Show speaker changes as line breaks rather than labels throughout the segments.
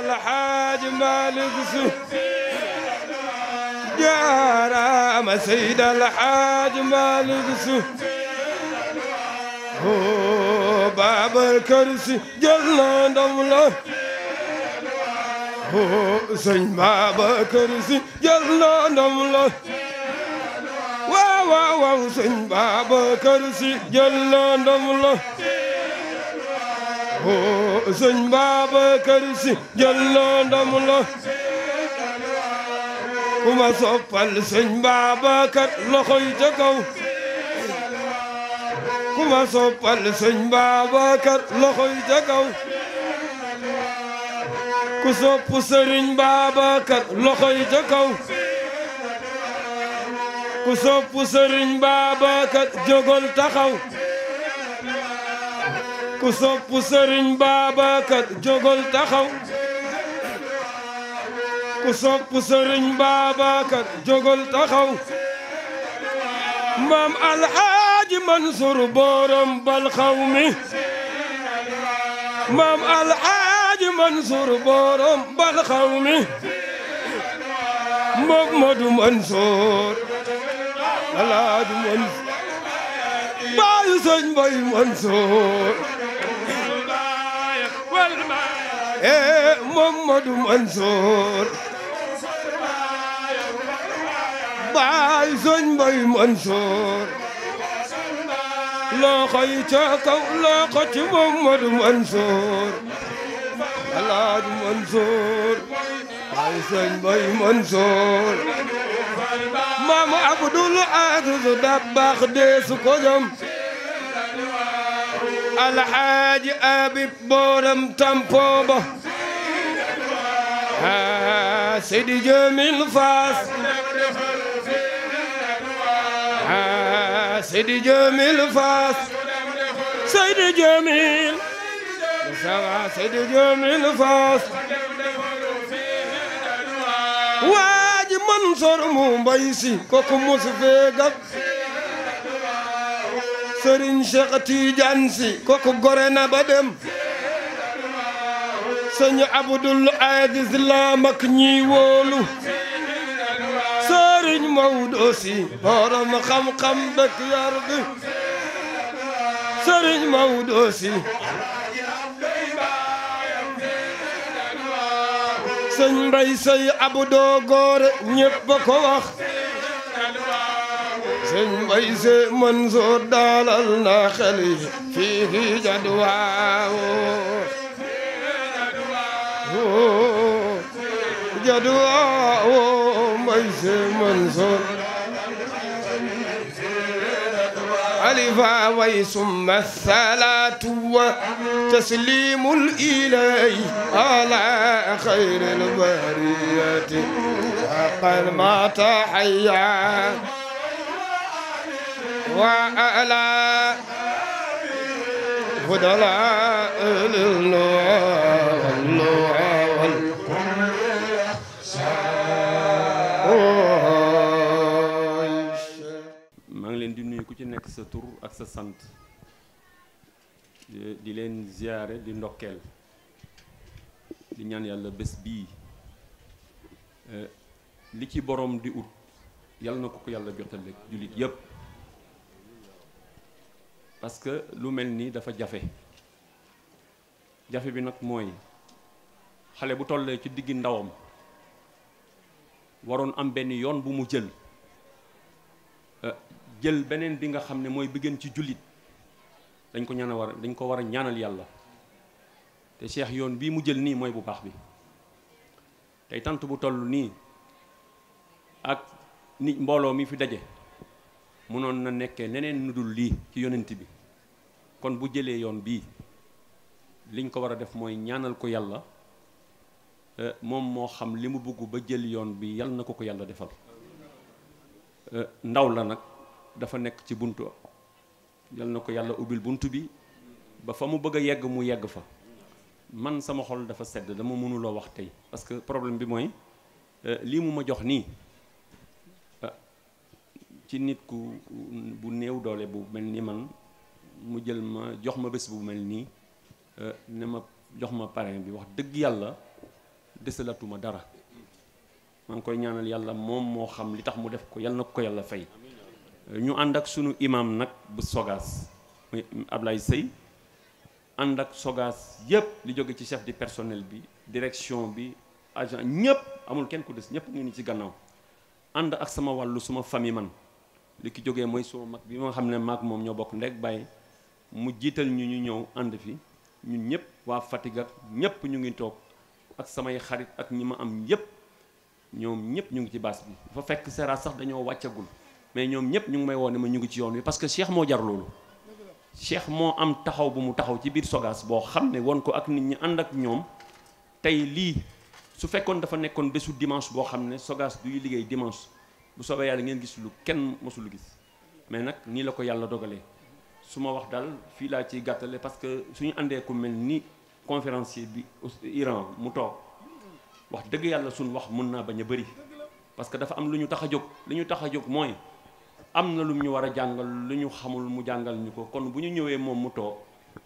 الحاج مالك يا رام سيد الحاج مالك هو باب الكرسي جل دولة هو سن باب الكرسي جل دولة واو واو سن باب الكرسي جل دولة o sëñ Babacar Si jëlloo ndam la ku ma soppal sëñ Babacar loxoy ca kaw ku ma soppal sëñ Babacar loxoy ca kaw ku sopp sëriñ Babacar loxoy ca kaw ku sopp sëriñ Babacar jógol taxaw كسوك سرين بابا كد جوغل تخو كسوك سرين بابا كد جوغل تخو مام الحاج منصور بورم بالخومي مام الحاج منصور بورم بالخومي محمد منصور الحاج منصور baayu sëñ Mbay Mansour ee Mamadu Mansour baayu sëñ Mbay Mansour loxo yi ca kaw loxo ci Mamadu alaaj Mansour ay sëñ bay Mansour maamu Abdul Aziz Dabakh deesu ko jam alxaaji Abib booram tampoo ba Jamil Faas haa Jamil Faas Sidi Jamil سوى سيد يوم الفاس واج منصور مبيسي كوكو مصفيقك sëriñ Cheikh Tidiane si kooku gore na ba dem sëñ Abdul Aziz la mag ñi wóolu sëriñ Maodo si borom xam-xam dëkk yar bi sëriñ Maodo si sëñ mbay sëy abudoo góore ñépp ko wax sëñ mbay se Mansour daalal na xel yi fii fi jadwaawoo jadwaawoo mbay الفا ويسم الثلاث وتسليم الإله على خير
البريات
حقا ما تحيا وألا هدى للنور
sa tour ak sa sant di leen ziyaare di ndokkeel di ñaan yàlla bés bii eh, li ci boroom di ut yàlla na ko ko yàlla jotal rek jullit yépp parce que lu mel nii dafa jafe jafe bi nag mooy xale bu tollee ci digg ndawam waroon am benn yoon bu mu jël jël beneen bi nga xam ne mooy bi ci jullit dañ ko ñaan war dañ ko war a ñaanal yàlla te cheikh yoon bii mu jël nii mooy bu baax bi tey tant bu toll nii ak nit mbooloo mi fi daje mënoon na nekkee neneen nu dul lii ci yonent bi kon bu jëlee yoon bii liñ ko war a def mooy ñaanal ko yàlla e, moom moo xam li mu bugg ba jël yoon bi yàlla na ko ko yàlla defal e, ndaw la nag dafa nekk ci bunt yal na ko yàlla ubbil bunt bi ba fa mu bëgg a yegg mu yegg fa man sama xol dafa sedd dama mënuloo wax tey parce que problème bi mooy euh, lii mu ma jox nii ah, ci nit ku bu néew doole bu mel nii man mu jël ma jox ma bés bu mel nii euh, ne ma jox ma parrain bi wax dëgg yàlla desalatuma dara maa ngi koy ñaanal yàlla moom moo xam li tax mu def ko yal na ko yàlla fay ñu andak ak sunu imam nak bu Sogas muy Ablaye Sey Sogas yépp li jóge ci chef du personnel bi direction bi agent ñépp amul kenn ku nyep ñépp ngi ni ci gannaaw and ak sama walu suma fami man li ki moy suma mak bi ma mak mak nyobok ño bok ndek bay mu jital ñu ñu ñew and fi ñun ñëpp wa fatiga ak ñépp ñu ngi tok ak sama xarit ak ñima am yépp ñom nyep ñu ngi ci baas bi fa fekk sera sax dañoo waccagul mais ñom ñep ñu may woné ma ñu ngi ci yoon wi parce que cheikh mo jar lolu cheikh mo am taxaw bu mu taxaw ci bir sogas bo xamné won ko ak nit ñi and ak ñom tay li su fekkon dafa nekkon besu dimanche bo xamné ne du yi liggéey dimanche bu soobee yalla ngeen gis lu kenn mosul gis mais nak ni la ko yalla dogalé, suma wax dal fi la ci gàttale parce que suñu andé ku melni conférencier bi Iran mu tok wax deug yalla sun wax mën na baña bari parce que dafa am luñu taxajuk luñu taxajuk moy am na lu ñu war a jàngal lu ñu xamul mu jàngal ñu ko kon bu ñu ñëwee moom mu too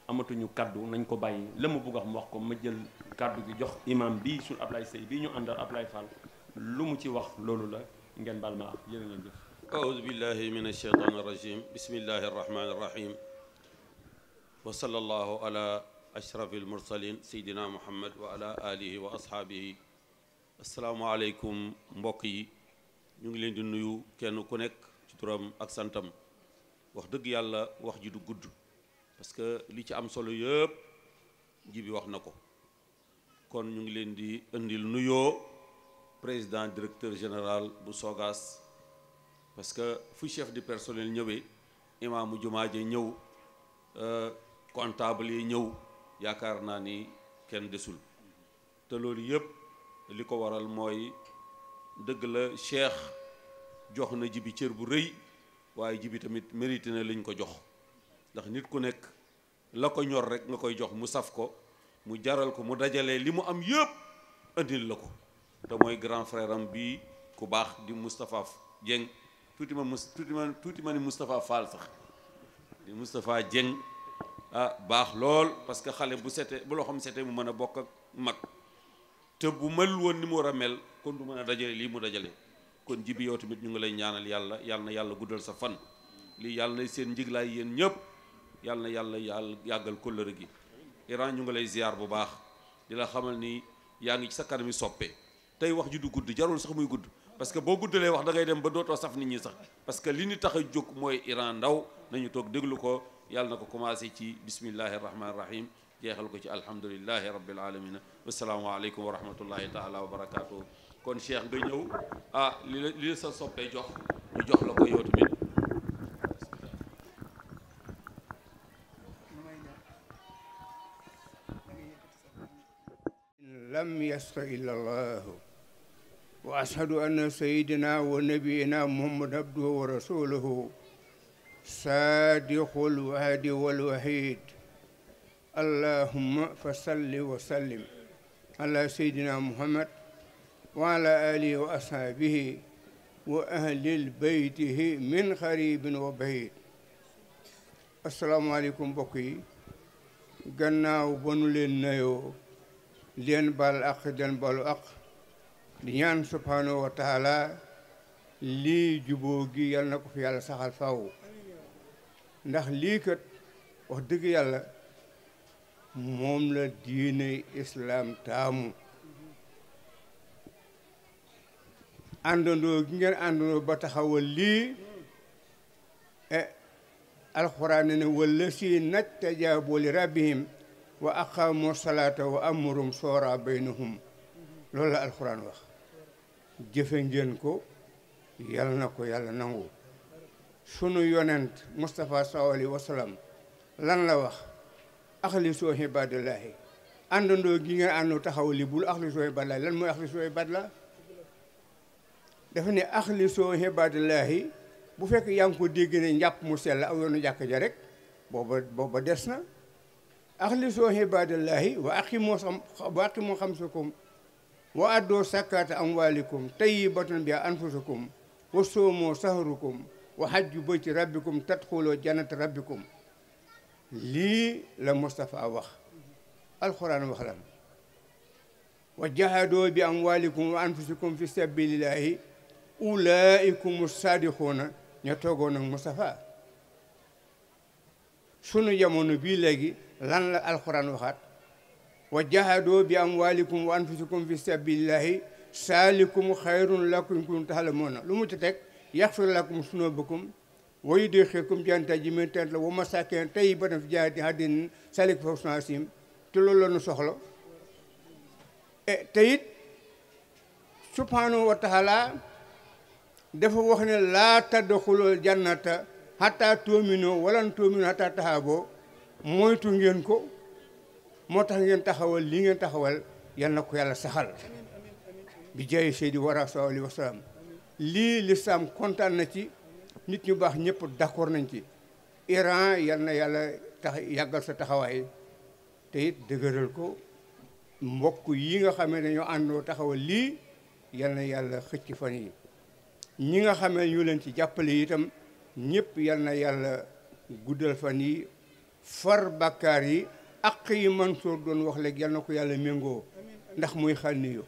amatuñu kàddu nañ ko bàyyi la mu bugg a wax ko ma jël kàddu gi jox imam bi suñ Ablaye Seye bi ñu àndal Ablaye Fall lu mu ci wax loolu la ngeen baal ma ak jërë ngeen jëf
aoudu wa sallallahu ala ashrafi almursalin sayidina muhammad wa ala alihi wa ashaabihi asalaamaaleykum mbokk yi ñu ngi leen di nuyu kenn ku nekk turam ak santam wax dëgg yàlla wax ji du gudd parce que li ci am solo yëpp ji bi wax na ko kon ñu ngi leen di indil nuyoo président directeur général bu Sogas parce que fu chef de personnel ñëwee imaamu jumaa ji ñëw euh, comptable yi ñëw yaakaar naa ni kenn desul te loolu li ko waral mooy dëgg la cheikh jox na jibi cër bu rëy waaye jibi tamit mérité lañ ko jox ndax nit ku nekk la ko ñor rek nga koy jox mu saf ko mu jaral ko mu dajalee li mu am yëpp indil la ko te mooy grand frère am bii ku baax di Moustapha Dieng tuuti ma mus ma tuuti ma ni Moustapha Fall sax di Moustapha Dieng ah baax lool parce que xale bu sete bu loo xam sete mu mën a bokk ak mag te bu mel woon ni mu war a mel kon du mën a dajale lii mu dajale kon jibi yow tamit ñu ngi lay ñaanal yàlla yàlla na yàlla guddal sa fan lii yàlla na seen njiglaay yéen ñëpp yàlla yàlla yàlla yàggal kóllëre gi Iran ñu ngi lay ziar bu baax di la xamal ni yaa ngi ci sa kanami soppe tey wax ju du gudd jarul sax muy gudd parce que boo guddalee wax da ngay dem ba dootoo saf nit ñi sax parce que li ni tax a jóg mooy Iran Ndao nañu toog déglu ko yàlla na ko commencé ci bismillahi rahmaani rahim jeexal ko ci alhamdulillahi rabbil alamina wasalaamu aleykum wa rahmatullahi taala wa barakatuh kon Cheikh nga ñëw ah li li sa soppé jox ñu jox la ko yow tamit
لم يسر إلا الله وأشهد أن سيدنا ونبينا محمد عبده ورسوله صادق الوعد والوحيد اللهم فصل وسلم على سيدنا محمد وعلى آله وأصحابه وأهل بيته من قريب وبعيد السلام عليكم بقي جنا وبنو لنيو لين بالأخ دين بالأخ ليان سبحانه وتعالى لي جبوغي يلنكو في يالا سخال فاو ndax li kat wax deug yalla mom la diine islam tamu àndandoo gi ngeen àndandoo ba taxawal lii e alxuraan ne ne wala si naj tajaabu li rabbihim wa aqaamu salaata wa amrum soora baynahum loolu la alxuraan wax jëfe ngeen ko yàlla na ko yàlla nangu sunu yonent Moustapha sallallahu alayhi wa sallam lan la wax axlisoo ibaadallaahi àndandoo gi ngeen àndoo taxawal lii bul axlisoo ibaadallaahi lan mooy axlisoo ibaadallaahi dafa ne axlisoo bu fekk yang ko dégg ne njàpp mu sel aw yonu jàkk ja rek boba boba desna na axlisoo wa aqimu wa aqimu xamsakum wa addoo sakata amwalikum tayyibatan bi anfusikum wa sumu sahrukum wa hajju bayti rabbikum tadkhulu jannata rabbikum li la mustafa wax alquran wax lan wa jahadoo bi amwaalikum wa anfusikum fi sabilillahi ulaaikum sadiquna ña toogoon ak Moustapha sunu jamono bii léegi lan la alxuraan waxaat wa jahadoo bi amwalikum wa anfusikum fi sabilillahi saalikum xayrun lakum in kuntum taalamuuna lu mu ci teg yaxfir lakum sunubakum wa yudxilukum jannatin tajrii min tahtiha wa masaakin tayyibatin fi jannatin adnin zaalika fawzul aziim te loolu la ñu soxla te it subhaanahu wa taala dafa wax ne laa tadxulul jannata xataa tuumino walan tuumino xataa taxaaboo moytu ngeen ko moo tax ngeen taxawal lii ngeen taxawal yal na ko yàlla saxal bi jaay seydi wara sallallahu alayhi wa lii lislaam kontaan na ci nit ñu baax ñëpp d'accord nañ ci Iran yal yàlla tax yàggal sa taxawaay te it ko mbokk yi nga xam ne dañoo àndoo taxawal lii yal yàlla xëcc fan yi ñi nga xamee ñu leen ci jàppale itam ñëpp yal na yàlla guddal fan yi far bàkkaar yi ak yi Mansour doon wax léegi yal na ko yàlla méngoo ndax muy xànniyu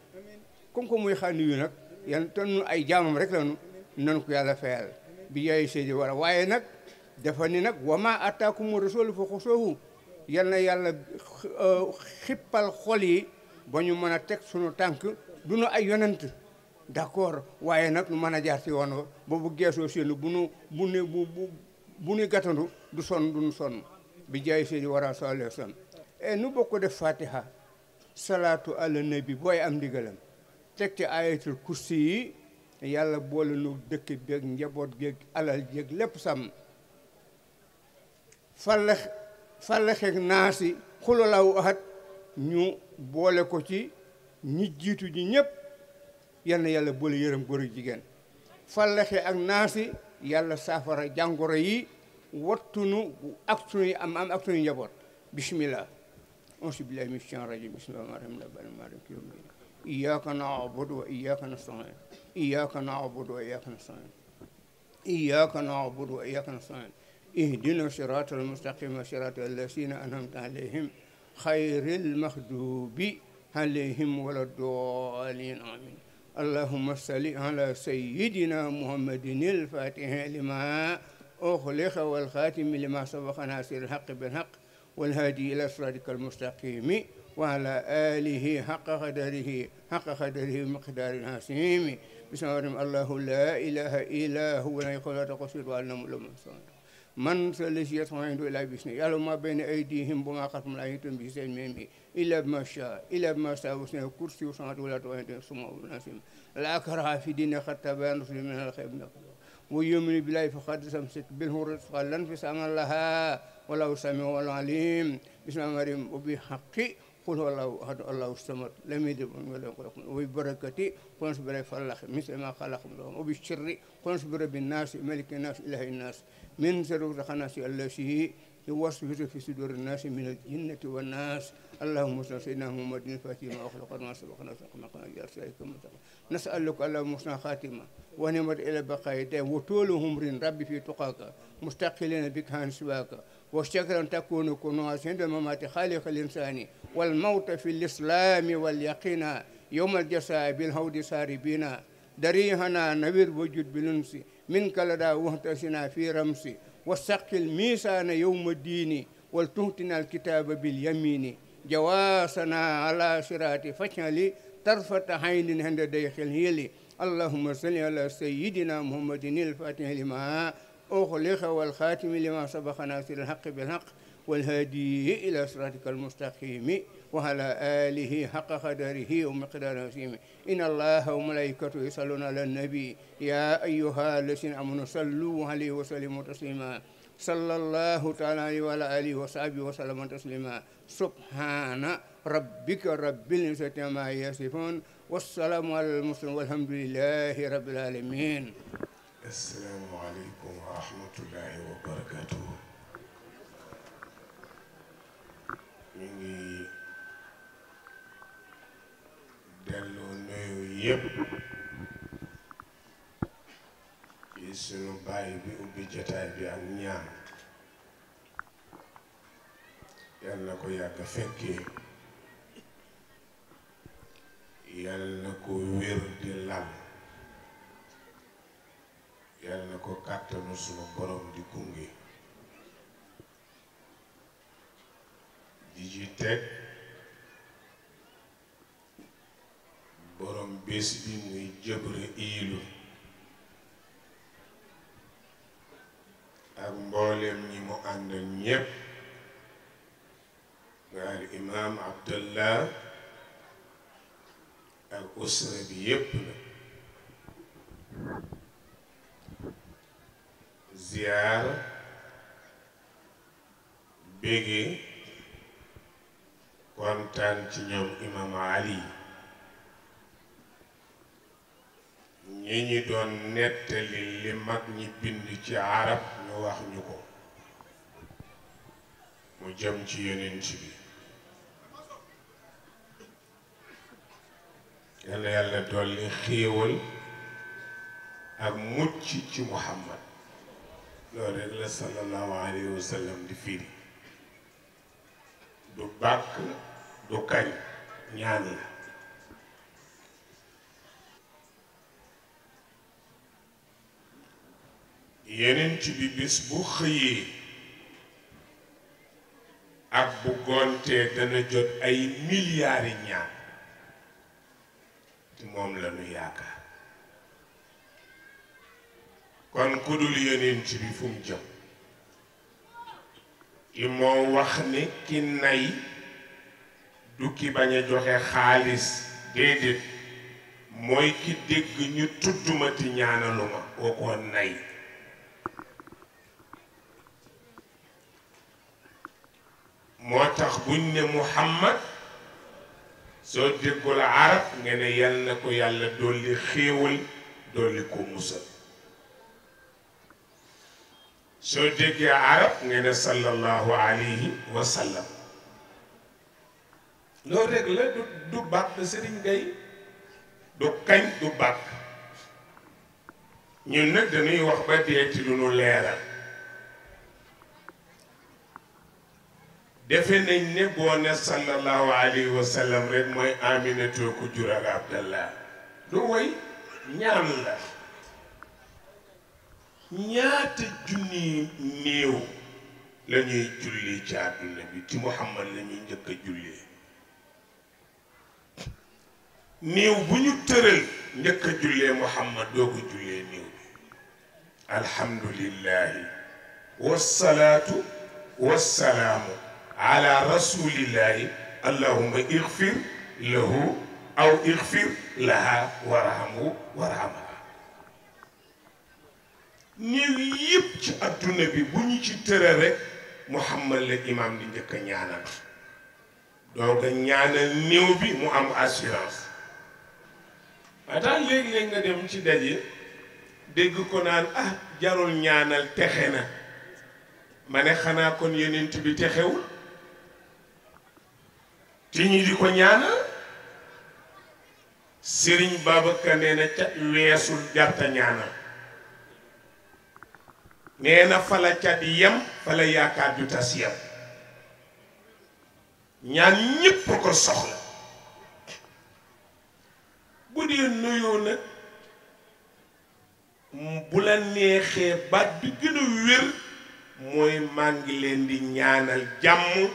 comme muy xànniyu nag yan ton ay jaamam rek lañu nan ko yàlla feyal bi yaay seydi wala waaye nag dafa ni nag wama ataakumu rasulu fa xusuuhu yal na yàlla euh, xippal xol yi ba ñu mën a teg sunu tànk du nu ay yonent d'accord waaye nag nu mën a jaar ci yoon wa ba bu geesoo seeni bu nu bu nu gàttandu du sonn du nu sonn bi jaay seeni war a solee nu bokk def fatiha salaatu ala nabi booy am ndigalam teg ci ayatul kursi yi yàlla boole nu dëkk beeg njaboot geeg alal jeeg lépp sàmm fallax fallaxeeg naasi xulolaawu ahat ñu boole ko ci ñi jiitu ji ñëpp yal na yàlla boole yërëm góor ak jigéen fallaxe ak naasi yàlla saafara jàngoro yi wattunu ak sunuy am am ak sunuy njaboot bismillah auzu billahi min shaytan rajim bismillahi rahmani rahim maliki yawmi din iyyaka na'budu wa iyyaka nasta'in iyyaka na'budu wa iyyaka nasta'in iyyaka na'budu wa iyyaka nasta'in اهدنا الصراط المستقيم صراط الذين انعمت عليهم خير المخدوب عليهم ولا الضالين امين اللهم صل على سيدنا محمد الفاتح لما أخلق والخاتم لما سبق ناصر الحق بالحق والهادي إلى صراطك المستقيم وعلى آله حق قدره حق قدره مقدار الحسيم بسم الله لا إله إلا هو لا يقول تقصير وأنا مؤمن من الذي يطمئن الى بسنة يعلم ما بين ايديهم بما خلفهم لا يتم بسنة ميمي الا بما شاء الا بما شاء وسنه كرسي وسنه ولا تؤمن ثم لا كره في دين خطة بان رسل من الخير ويؤمن بالله فقد استمسك لن في سامن لها ولو سميع العليم بسم الله مريم وبحقي قل هو الله احد الله استمر لم يلد ولم يولد وببركته قنص بري فلخ مثل ما خلقكم وبالشر قنص بري الناس ملك الناس اله الناس من شرور خناسي شيء يوصف في صدور الناس من الجنة والناس اللهم صل سيدنا محمد الفاتح ما أخلق ما سبق نسق ما كما نسألك اللهم حسن خاتمة ونمر إلى بقاء وطول عمر ربي في تقاك مستقلين بك عن سواك وشكرا تكون كنواس عند ممات خالق الإنسان والموت في الإسلام واليقين يوم الجزاء بالهود ساربين دريهنا نوير وجود بلنسي منك لدى وهتسنا في رمسي والسق الميسان يوم الدين والتهتنا الكتاب باليمين جواسنا على صراط فشالي طرفة عين عند ديخ الهيل اللهم صل على سيدنا محمد الفاتح لما أخلق والخاتم لما سبق ناصر الحق بالحق والهادي إلى صراطك المستقيم وعلى آله حق قدره ومقدار العظيم إن الله وملائكته يصلون على النبي يا أيها الذين آمنوا صلوا عليه وسلموا تسليما صلى الله تعالى وعلى آله وصحبه وسلم تسليما سبحان ربك رب العزة عما يصفون والسلام على المسلمين والحمد لله رب العالمين
السلام عليكم ورحمة الله وبركاته ñu ngi delloo nuyu yépp ci sunu bàyyi bi ubbi jotaay bi ak ñaan yal na ko yàgg fekkee yal na ko wér di lal yal na ko kàttanu sunu borom di gunge di ci teg borom bés bi muy jëbra iilu ak mboolem ñi mu àndal ñépp nga al imaam abdallah ak usra bi yépp la ziyaar bége kontaan ci ñoom imam ali ñi ñi doon nettali li mag ñi bind ci arab ñu wax ñu ko mu jëm ci yonent bi yàlla yàlla dolli xéewal ak mucc ci muhammad loolu rek la sallallahu alayhi wa di firi du bàkk du kañ ñaan la yeneen ci bi bis bu xëyee ak bu gontee dana jot ay milliards yi ñaan moom la ñu yaakaar kon ku dul yeneen ci bi fu mu i moo wax ni ki nay du ki bañ a joxe xaalis déedéet mooy ki dégg ñu tudduma ti ñaanaluma koo ko nay moo tax buñ ne muhammad soo déggul arab nga ne yal na ko yàlla dolli xéewal dolli ko musal soo déggee arab nga ne sallallahu alayhi wa sallam loolu la du du bàkk sëriñ gay du kañ du bàkk ñun nag dañuy wax ba dee ci lu leeral defe nañ ne ne sallallahu alayhi wa rek mooy aminatoo ko jural abdallah lu woy ñaan la ñaata junni néew la ñuy julli ci àdduna bi ci muhammad la njëkk a jullee bu ñu tëral njëkk a muhammad doo ko jullee néew bi alhamdulillahi wassalaatu wassalaamu ala rasulillahi allahumma igfir lahu aw igfir laha warhamhu warhamha néew yëpp ci adduna bi bu ñu ci tëra rek Muhammad la imam di njëkk ñaanal donc ñaanal néew bi mu am assurance waataan léegi-léeg nga dem ci daje dégg ko naan ah jarul ñaanal texe na ma ne xanaa kon yenent bi texewul te ñu di ko ñaanal Sëriñ Babacar nee na ca weesul jarta ñaanal nee fa la cat yem fa la yaakaar ju tas yem ñaan ñépp ko soxla bu dee nuyoo nag bu la neexee baat bi gën a wér mooy maa ngi leen di ñaanal jàmm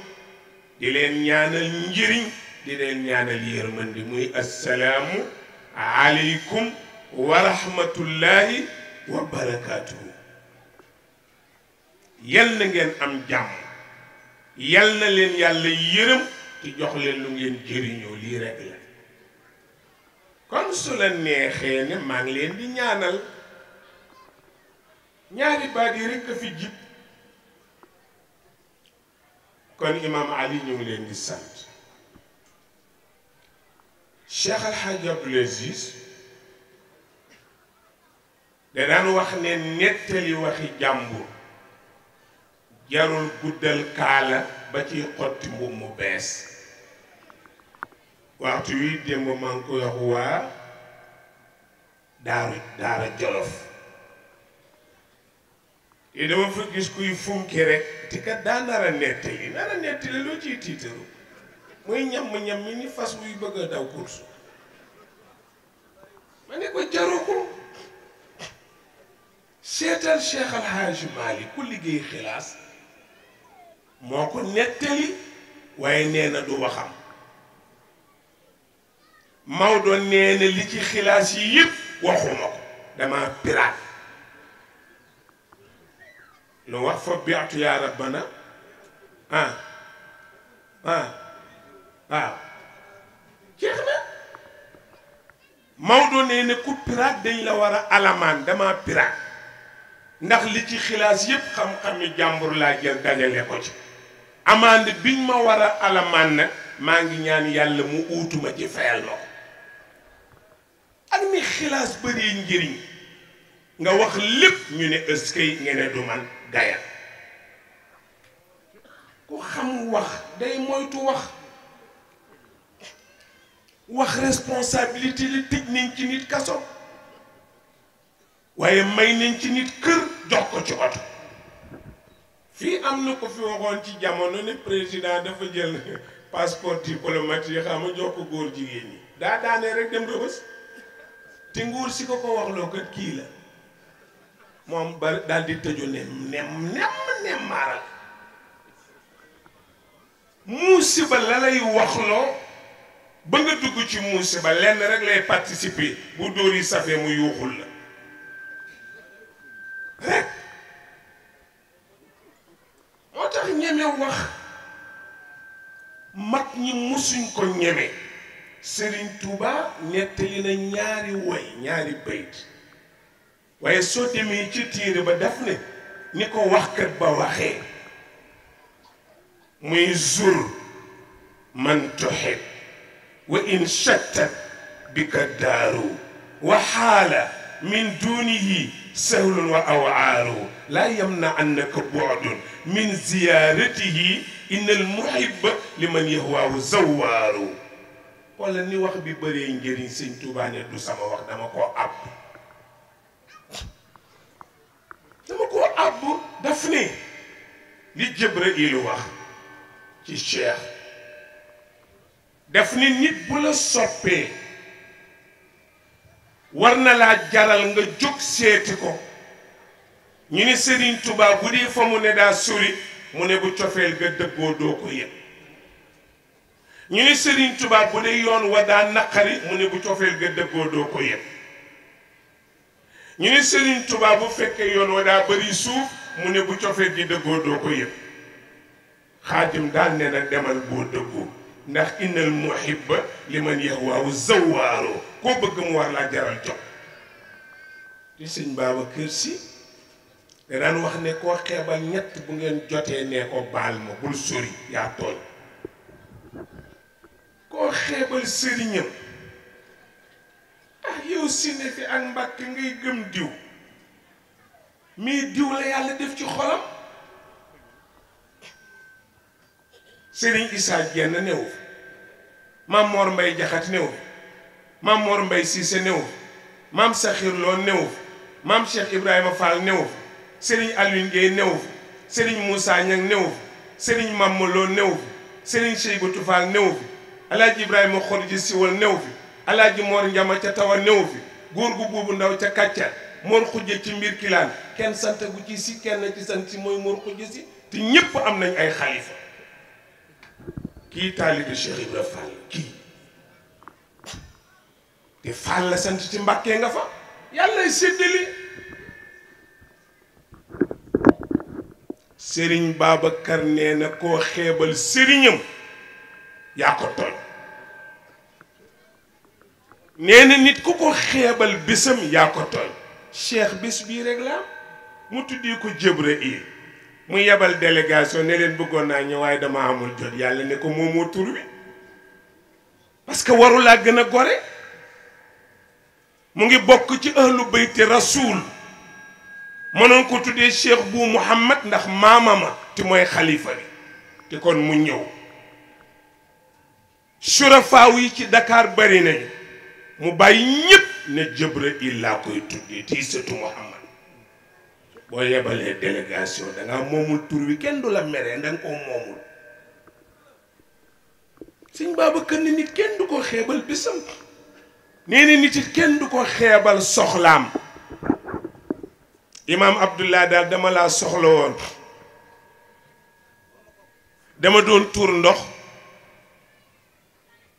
di leen ñaanal njëriñ di leen ñaanal yërmandi muy assalaamu aleykum wa rahmatullahi yàlla na ngeen am jàmm yàlla leen yàlla yërëm te jox leen lu ngeen jëriñoo lii rek la kon su la neexee ne maa ngi leen di ñaanal ñaari baat yi rek a fi jib kon imaam ali ñu leen di sant cheikh alxaaj abdul aziz da daan wax ne nettali waxi jàmbur jarul guddal kaala ba ci xotti mbubb mu bees waxtu wi démb maa ngi waa daaru daara jolof te dama fa gis kuy funki rek te kat daa nar a nettali nar a nettali loo ciy tiitaru muy ñam-ñam mi ni fas wuy bëgg a daw kursu ma ne ko jaru ko seetal Cheikh Al Hadj ku liggéey xilaas moko ko waye neena du waxam Maodo nee na li ci khilas yeb waxuma ko dama pirat lo wax fa bi'tu ya rabbana ha ha ha chekhna na Maodo nee ku pirat dañ la wara alaman dama pirat ndax li ci khilas yeb xam xam-xami jambour la jël dajale ko ci amande biñ ma war a alamaan nag maa ngi ñaan yàlla mu uutuma ci fayal ma ko ak ni xilaas bëree njëriñ nga wax lépp ñu ne ëskay nga ne du man gayal ku xam wax day moytu wax wax responsabilité li tëj nañ ci nit kaso waaye may nañ ci nit kër jox ko ci oto fii am na ko fi waxoon ci jamono ne président dafa jël passeport diplomatique yi xam nga jox ko góor jigéen ñi daa rek dem rëbës te nguur si ko ko waxloo kat kii la moom ba daal di tëju ne nem nem nem maaral la lay waxloo ba nga dugg ci muusiba lenn rek lay participer bu dóor safee mu yuuxul la mën a wax mag ñi musuñ ko ñeme Serigne Touba nettali na ñaari woy ñaari bayt waaye soo demee ci téere ba daf ne ni ko waxkat ba waxee muy zur man tuhib wa in shattat bika daaru wa من دونه سهل وأوعار لا يمنع أنك بعد من زيارته إن المحب لمن يهواه زوار ولا ني واخ بي بري نجرين سيغ توبا ني دو سما واخ داما كو اب داما كو اب دافني ني جبرائيل واخ تي شيخ دافني نيت بولا سوبي war na laa jaral nga jóg seeti ko ñu ne Serigne Touba bu dee fa mu ne daa sori mu ne bu cofeel ga dëggoo doo ko yëg ñu ne Serigne Touba bu dee yoon wa daa naqari mu ne bu cofeel ga dëggoo doo ko yëg ñu ne Serigne Touba bu fekkee yoon wa daa bëri suuf mu ne bu cofeel gi dëggoo doo ko yëg xaatim daal ne na demal boo dëggoo ndax innal muhibba liman yahwaahu zawwaaroo koo bëgg mu war laa jaral jox te sëñ baaba kër si da daan wax ne koo xeebal ñett bu ngeen jotee nee ko baal ma bul sori yaa tooñ koo xeebal sëriñam ah yow si ne fi ak mbàkk ngay gëm diw mii diw la yàlla def ci xolam sëriñ Issa Dieng newu Maam Mor Mbay Jaxate maam Mor Mbaye Cissé néew maam Sakhir Lo néew maam Cheikh Ibrahima Fall néew Serigne Alioune Guèye néew Serigne Moussa Niang néew Serigne Mamma Lo néew Serigne Cheikh Fall néew Alaaji Ibrahima Xorji Siwal néew fi Alaaji Mor Njama ca Tawa néew fi góor gu buubu ndaw ca Kàcca Mor Xujje ci mbir kilaan kenn sant gu ci si kenn ci sant si mooy Mor Xujje si te ñépp am nañ ay xalifa kii taalibe Cheikh Ibrahima Fall kii te Fall sant ci Mbàkke nga fa yàllay séddali sëriñ Babacar nee na koo xeebal sëriñam yaa ko tooñ nee na nit ku ko xeebal bésam yaa ko tooñ cheikh bés bii rek la mu tuddee ko jëbra il mu yebal délégation ne bëggoon naa ñëw waaye dama amul jot yàlla ne ko moomoo tur wi parce warulaa gën a gore mu ngi bokk ci ahlu bayti rasul mënoon ko tuddee cheikh bu muhammad ndax maamama te mooy xalifa bi te kon mu ñëw surafaaw yi ci dakaar barina nañu mu bàyyi ñépp ne Jibril laa koy tuddee tii muhammad boo yebalee délégation dangaa moomul tur wi kenn du la meree ndanga ko moomul sëñ Babacar ne nit kenn du ko xeebal bisam nee na nit it kenn du ko xeebal soxlaam imaam abdullah daal dama laa soxla woon dama doon tuur ndox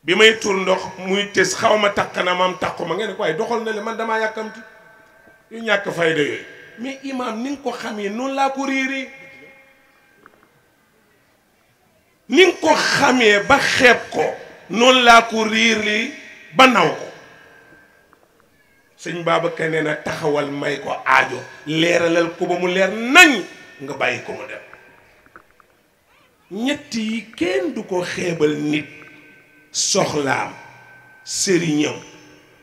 bi may tuur ndox muy tës xaw ma takk na maam takku ma nga ne ko waaye doxal na le man damaa yàkkamti yu ñàkk fayda yooyu mais imaam ni nga ko xamee noonu laa ko réeree ni nga ko xamee ba xeeb ko noonu laa ko réeree ba naw ko sëñ Babacar nee na taxawal may ko aajo leeralal ko mu leer nañ nga bàyyi ko mu dem ñett yi kenn du ko xeebal nit soxlaam sëriñam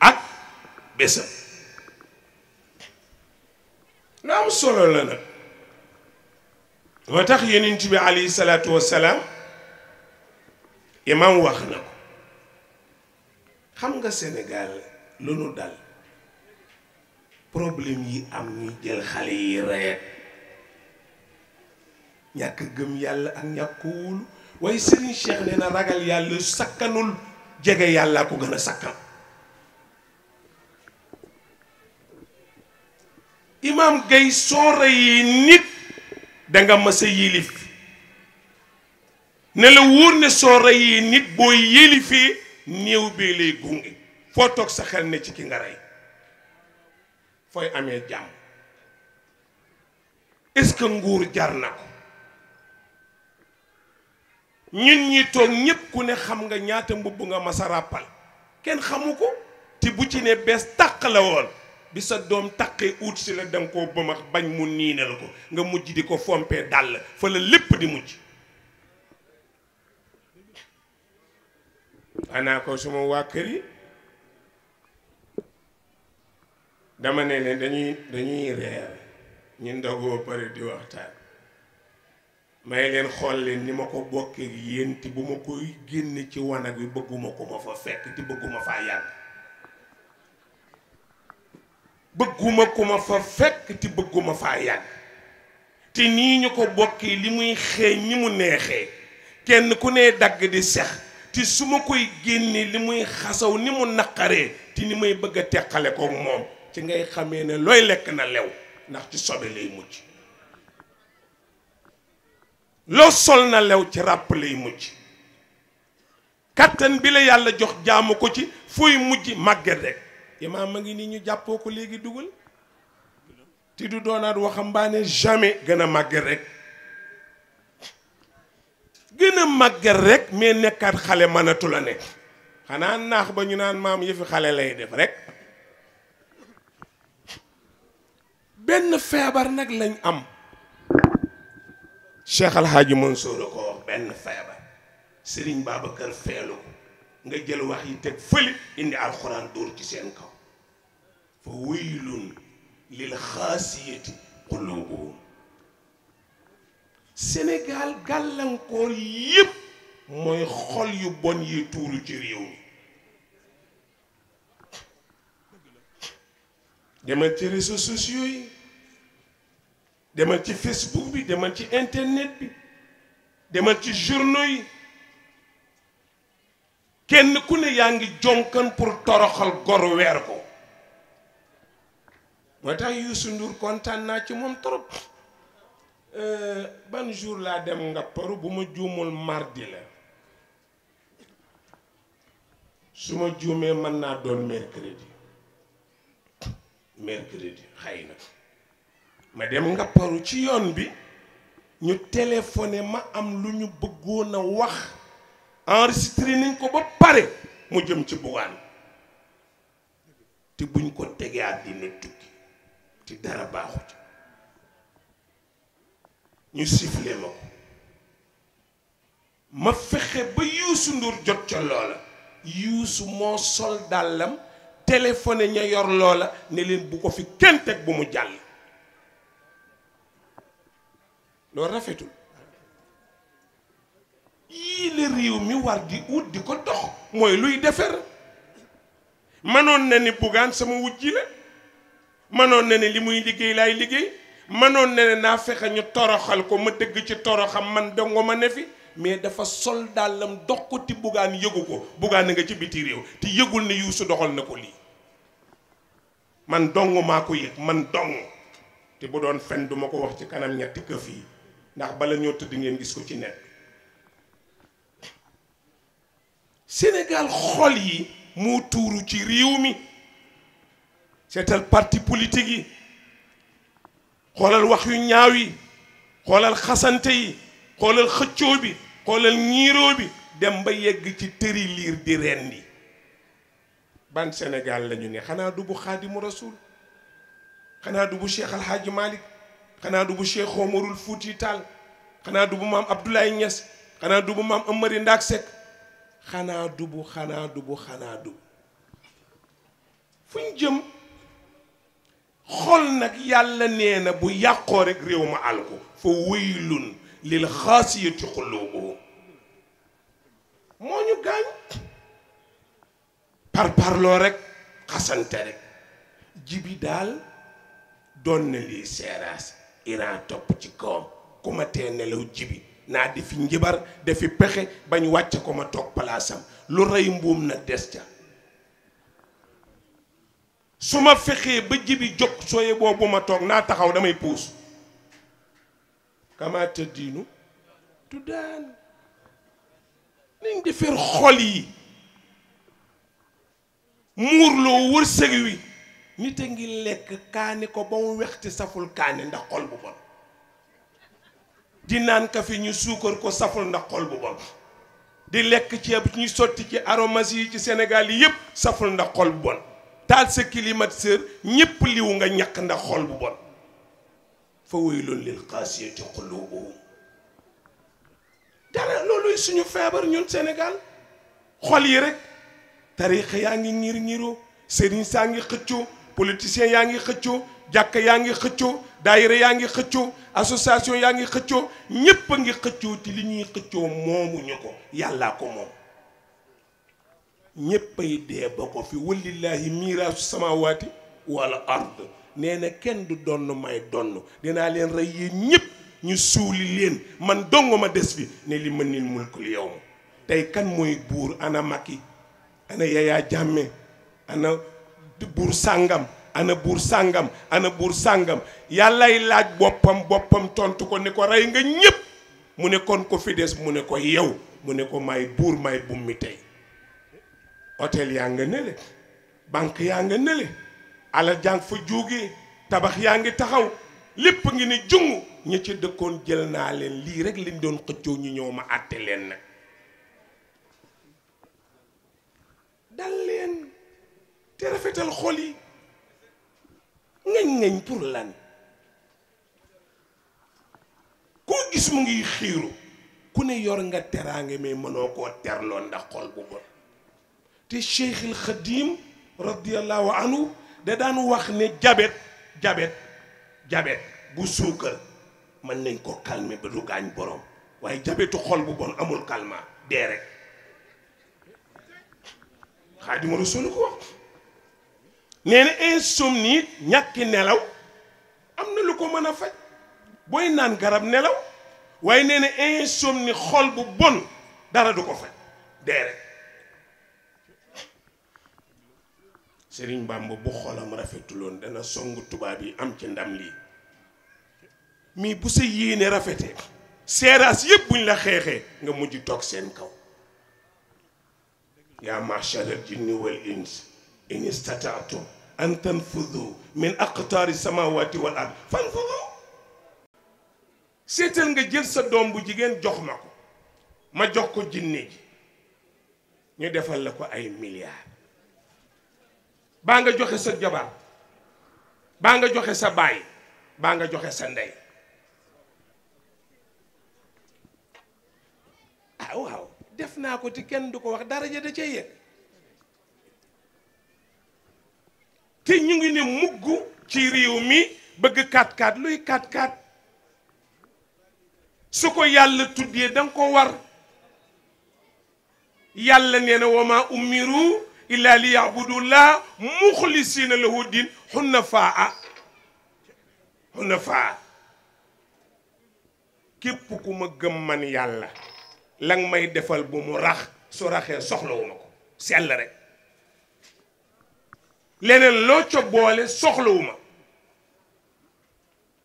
ak bésam lu am solo la nag moo tax yeneen bi alayhi salaatu wassalaam imam wax na ko xam nga Sénégal lu nu dal problème yi am ñuy jël xale yi reet ñàkk gëm yàlla ak ñàkk waaye Serigne Cheikh nee na ragal yàlla sakkanul jege yàlla ko gën a sakkan imaam gay soore yi nit danga mës a yilif ne la wóor ne soore yi nit booy yilifee néew bee lay gunge foo toog sa xel ne ci ki nga rey fooy amee jàmm est nguur jar na ko ñun ñi toog ñépp ku ne xam nga ñaata mbubb nga ma sa ràppal kenn xamu ko te bu ci ne bees tàq la woon bi sa doom taqee uut si la danga koo bëmax bañ mu niinal ko nga mujj di ko fompee dàll fa la lépp di mujj anaa ko suma waa kër yi dama ne ne dañuy dañuy reer ñu ndogoo pare di waxtaan may leen xool leen ni ma ko bokkee yéen ti bu ma koy génn ci wanag bi bëgguma ko ma fa fekk ti bëgguma faa yàgg bëgguma ko ma fa bëgguma faa te nii ñu ko bokkee li muy xeeñ ni mu neexee kenn ku ne dagg di sex ti su ma koy génnee li muy xasaw ni mu naqaree ti ni may bëgg a teqale ko moom ci ngay xamee ne looy lekk na lew ndax ci sobe lay mujj loo sol na lew ci ràpp lay mujj kattan bi la yàlla jox jaamu ko ci fooy mujj màgget rek imaam ma ngi nii ñu jàppoo ko léegi dugal ti du doonaat waxambaane jamais gën a màgget rek gën a màgget rek mais nekkaat xale mënatul a nekk xanaa naax ba ñu naan maam yëfi xale lay def rek benn feebar nag lañ am Cheikh Al Hadj Mansour ko wax benn feebar Serigne Babacar feelu ko nga jël wax yi teg fële indi alxuraan dóor ci seen kaw fa waylun lil xaasiyati qulubuhum Sénégal gàllankoor yépp mooy xol yu bon yi tuuru ci réew mi demal ci réseaux sociaux yi demal ci facebook bi demal ci internet bi demal ci journaux yi kenn ku ne yaa ngi jonkan pour toroxal goru weer ko moo tax Youssou Ndour kontaan naa ci moom trop euh, ban jour laa dem nga paru bu ma juumul mardi la su ma juumee mën naa doon mercredi mercredi xëy na ma dem ngapparu ci yoon bi ñu téléphoné ma am lu ñu bëggoon a wax enregistré ko ba pare mu jëm ci Bougane te buñ ko tegee àddina tukki te dara baaxu ci ñu sifflé ma ko ma fexe ba Youssou Ndour jot ca loola Youssou moo sol dàllam téléphoné ña yor loola ne leen bu ko fi kenn teg bu mu jàll loolu rafetul yii la réew mi war di wut di ko dox mooy luy defar mënoon na ni bugaan sama wujji la manoon na ne li muy liggéey laay liggéey manoon na ne naa fexe ñu toroxal ko ma dëgg ci toroxam man dong ma ne fi mais dafa sol dàllam dox ko ti bugaan yëgu ko bugaan na nga ci biti réew te yëgul ne yuusu doxal na ko lii man dong maa ko yëg man dong te bu doon fen duma ko wax ci kanam ñetti këf yi ndax bala ñoo tëdd ngeen gis ko ci net Sénégal xool yi moo tuuru ci réew mi seetal parti politique yi xoolal wax yu ñaaw yi xoolal xasante yi xoolal xëccoo bi xoolal ñiiroo bi dem ba yegg ci tëri liir di ren yi ban Sénégal lañu ne xanaa du bu xaadimu rasul xanaa du bu Cheikh Alhaaji Malick xanaa du bu Cheikh Omarul Fouti Tall xanaa du bu maam Abdoulaye Niass xanaa du bu maam Amari Ndaak Seck xanaa du bu xanaa du bu xanaa du fuñ jëm xol nag yàlla nee na bu yàqoo rek réew ma àll ko fa waylun lil xaasiyati xuluubuhum moo ñu gaañ par parloo rek xasante rek jibi daal doon na lii seeraas Iran topp ci kawam ku ma nelaw jibi naa di fi dafi pexe bañ wàcc ko ma toog palaasam lu rey mbuum na des ca su ma fexee ba jibi jóg sooye boobu ma toog naa taxaw damay puus kama tëddiinu du daan nañ xol yi muur loo wërsëg wi nit a ngi lekk kaani ko ba mu wexti saful kaani ndax xol bu bon di naan kafe ñu suukar ko saful ndax xol bu bon di lekk ceeb ñu sotti ci aromasi yi ci Sénégal yi yëpp saful ndax xol bu bon taal sa climatiseur ñépp liw nga ñàkk ndax xol bu bon fa waylun lil qaasiyati quluubuhum dara loolu suñu feebar ñun senegal xol yi rek tariixa yaa ngi ñiir ñiiroo sëriñ saa ngi xëccoo politiciens yaa ngi xëccoo jàkka yaa ngi xëccoo daayira yaa ngi xëccoo association yaa ngi xëccoo ñépp ngi xëccoo ci li ñuy xëccoo moomuñu ko yàllaa ko moom ñéppay dee ba ko fi walillahi miiraasu samaawaati wala ard nee kenn du donn may donn dinaa leen rey yéen ñépp ñu suuli leen man dong ma des bi ne li mën nil mulkul yow ma tey kan mooy buur ana Macky ana Yaya Jammeh ana buur sàngam ana buur sàngam ana buur sàngam yàllay laaj boppam boppam tontu ko ne ko rey nga ñépp mu ne kon ko fi des mu ne ko yow mu ne ko may buur may bummi tey hôtel yaa nga nële banque yaa nga nële alal jàng fa jógee tabax yaa ngi taxaw lépp ngi ne jungu ñi ci dëkkoon jël naa leen lii rek liñ doon xëccoo ñu ñëw ma àtte leen nag te rafetal xol yi ngañ ngañ pour lan koo gis mu ngi xiiru ku ne yor nga teraange mais mënoo koo terloo ndax xol bu bon te Cheikhul Xadim radiyallahu anhu da daan wax ne jabet jabet jabet bu suukar mën nañ nee na insomnie ñàkki nelaw am na lu ko mën a faj booy naan garab nelaw waaye nee na insomnie xol bu bon dara du ko faj dee rek Sëriñ Bàmba bu xolam rafetuloon dana songu tubaab yi am ci ndam lii mais bu sa yéene rafetee seeraas yépp buñ la xeexee nga mujj toog seen kaw yaa ma'shara al jinni wal ins in istata'tum an tanfudu min aqtaari samawati wal ard fanfudu seetal nga jël sa doom bu jigéen jox ma ko ma jox ko jinne ji ñu defal la ko ay milliards baa nga joxe sa jabaar baa nga joxe sa baay baa nga joxe sa ndey ah waaw def naa ko ti kenn du ko wax dara ja da cay yëg te ñu ngi ne mugg ci réew mi bëgg kaat kaat luy kaat kaat su ko yàlla tuddee danga ko war yàlla nee na wama umiru illa li yabudullah muxlisina lahu din xunafaa xunafaa képp ku ma gëm man yàlla lang may defal bu mu rax su raxee soxlawu ko sell rek leneen loo ca boole soxlawuma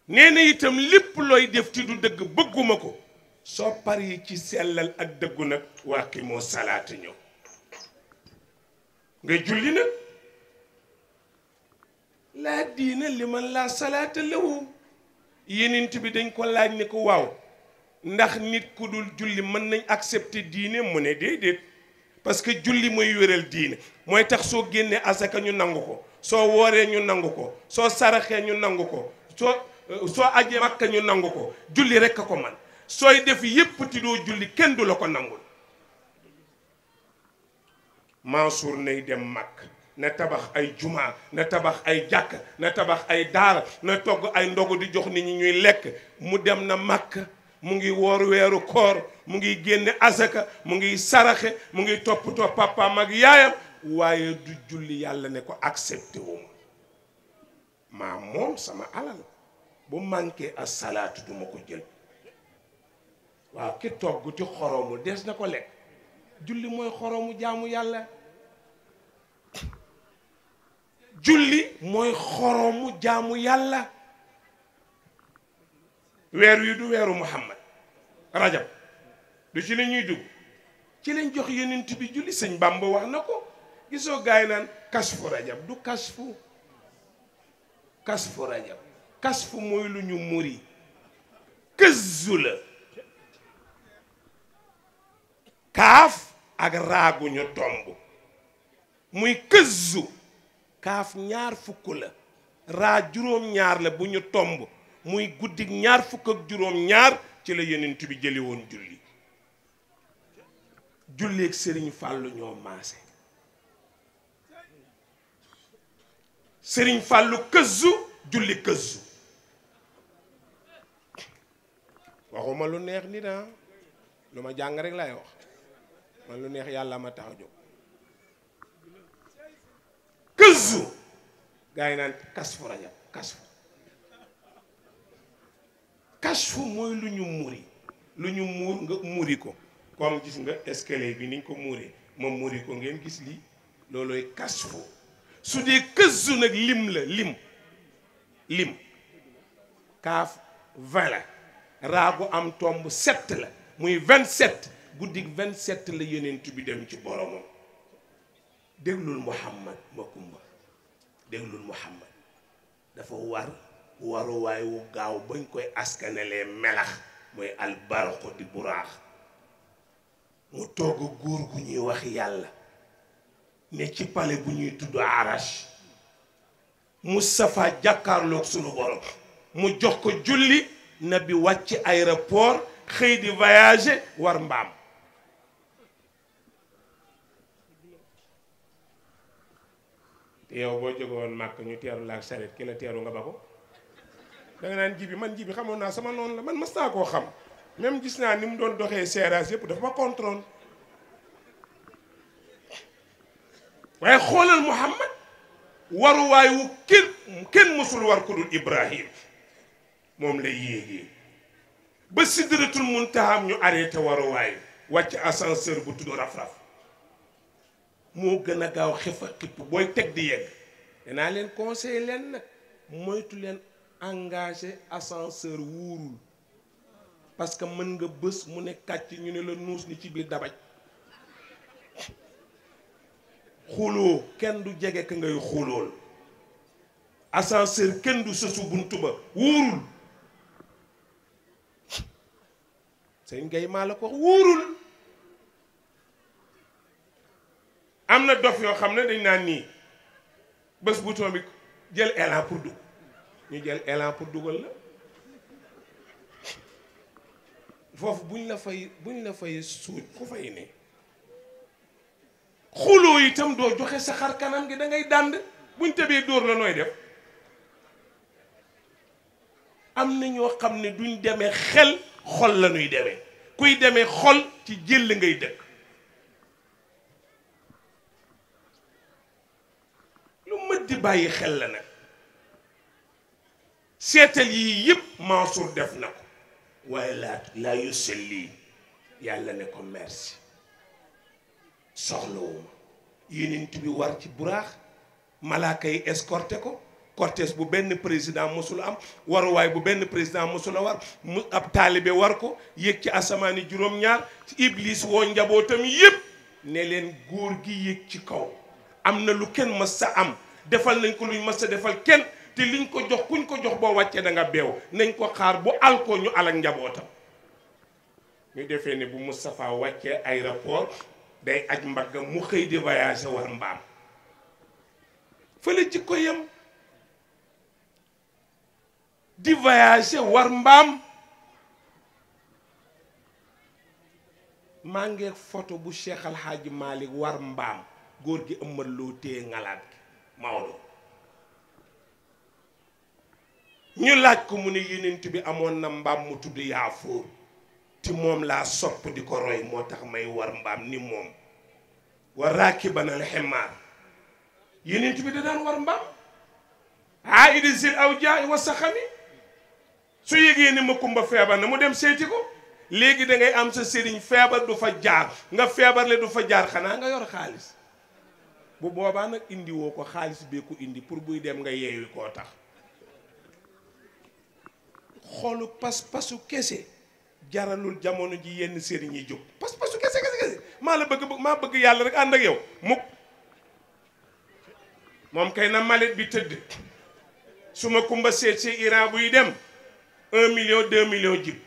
nee na itam lépp looy def ci du dëgg bëgguma ko soo yi ci sellal ak dëggu nag waa ki moo salaata ñëw nga julli nag laa diina li man laa salaata lawu yenent bi dañ ko laaj ni ko waaw ndax nit ku dul julli mën nañ accepter diine mu ne déedéet parce que julli mooy wéral diine mooy tax soo génnee asaka ñu nangu ko soo wooree ñu nangu ko soo saraxee ñu nangu ko soo euh, soo ajee makka ñu nangu ko julli rek a ko man sooy def yépp ti julli kenn du la ko nangul Mansour nay dem makk na tabax ay jumaa na tabax ay jàkk na tabax ay daara na togg ay ndogu di jox nit ñi ñuy lekk mu dem na makk mu ngi woor weeru koor mu ngi génn asaka mu ngi saraxe mu ngi toppatoo papaam ak yaayam waaye du julli yàlla ne ko ak wu ma maa moom sama alal bu manqué a salaatu du ko jël waaw ki togg ci xoromu des na ko lekk julli mooy xoromu jaamu yàlla julli mooy xoromu jaamu yàlla weer wi du weeru muhammad rajab du ci la ñuy dugg ci lañ jox yonent bi julli sëñ Bàmba wax na ko gisoo gars yi naan kasfu rajab du kasfu kasfu rajab kasfu mooy lu ñu muri këzzu la kaaf ak raagu ñu tomb muy këzzu kaaf ñaar fukk la raa juróom-ñaar la bu ñu tomb muy guddi ñaar fukk ak juróom-ñaar ci la yonent bi jëli woon julli julleeg sëriñ fàllu ñoo maase sëriñ fàllu këzzu julli këzzu waxuma lu neex nit ah lu ma jàng rek lay wax man lu neex yàlla ma tax a jóg këzzu gaa yi naan kasfu rajab kasfu kasfu mooy lu ñu muri lu ñu muri ko comme gis nga escalier bi niñ ko muuree moom muuri ko ngeen gis lii loolooy kasfu su dee kësu nag lim la lim lim kaaf vingt raagu am tomb sept la muy vingt sept guddig vingt sept la yonent bi dem ci boromam déglul muhammad makumba déglul muhammad dafa war waruwaay wu gaaw bañ koy askanelee melax mooy albarqu di buraax mu togg góor gu ñuy wax yàlla ne ci pale bu ñuy tudd arash Moustapha jàkkaarloog sunu borom mu jox ko julli na bi wàcc aéroport xëy di voyager war mbaam yow boo jógoon màkk ñu teeru la ak saret ki la teeru nga ba ko da nga naan jibi man jibi xamoon naa sama noonu la man mas naa koo xam même gis naa ni mu doon doxee seeraas yëpp dafa ma contrôle waaye xoolal Muhammad waruwaay wu kenn kenn mësul war ku dul Ibrahim moom lay yéegee ba sidratul muntahaam ñu arrêté waruwaay wàcc ascenseur bu tudd raf-raf moo gën a gaaw xifa xipp booy teg di yegg danaa leen conseil leen nag moytu leen engagé ascenseur wuurul parce que mën nga bés mu ne kàcc ñu ne la nuus ni ci biir dabaj xuloo kenn du jege ka ngay xulool ascenseur kenn du sësu buntu ba wóorul sëñ gay maa la ko wax wóorul am na dof yoo xam ne dañ naan nii bés bouton bi jël élan pour dugg ñu jël élan pour dugal la foofu buñ la fay buñ la fay suuj ku fay ne xuloo itam doo joxe sa xar kanam gi da ngay dànd buñ tëbee dóor la nooy def am na ñoo xam ne duñ demee xel xol la ñuy demee kuy demee xol ci jël ngay dëkk lu mët di bàyyi xel la nag seetal yii yëpp Mansour def na ko waaye laa laa yusalli yàlla ne ko merci soxlawuma yénent bi war ci buraax malaaka yi escorté ko cortège bu benn président mosul am waruwaay bu benn président mosul a war mu ab taalibe war ko yëg ci asamaani juróom-ñaar iblis woo njabootam yépp ne leen góor gi yëg ci kaw am na lu kenn mës sa am defal nañ ko lu mës sa defal kenn te liñ ko jox kuñ ko jox boo wàccee danga nga beew nañ ko xaar bu alkoo ñu alak njabootam ñu defee ni bu Moustapha wàccee aéroport day aj mbagga mu xëy di voyagé war mbaam fële jikko yam di war mbaam maa ngeeg photo bu Cheikh Alhaaji Malick war mbaam góor gi ëmmal loo téye ngalaat gi Maodo ñu laaj ko mu ne yenent bi amoon na mbaam mu tudd yaafóor ti moom laa sopp di ko roy moo tax may war mbaam ni moom wa raakiban al ximaar yenent bi da daan war mbaam aidi sil aw jaay wa saxami su yégee ni ma kumba feebar na mu dem seeti ko léegi da ngay am sa sëriñ feebar du fa jaar nga feebarle du fa jaar xanaa nga yor xaalis bu boobaa nag indi woo ko xaalis bee ko indi pour buy dem nga yeewi koo tax xoolu pas-pasu kese jaralul jamono ji yenn sëriñ yi jóg pas-pasu kese kese kese maa la bëgg maa bëgg yàlla rek ànd ak yow mukk moom kay na malet bi tëdd su ma kumba seet si Iran buy dem un million deux million jib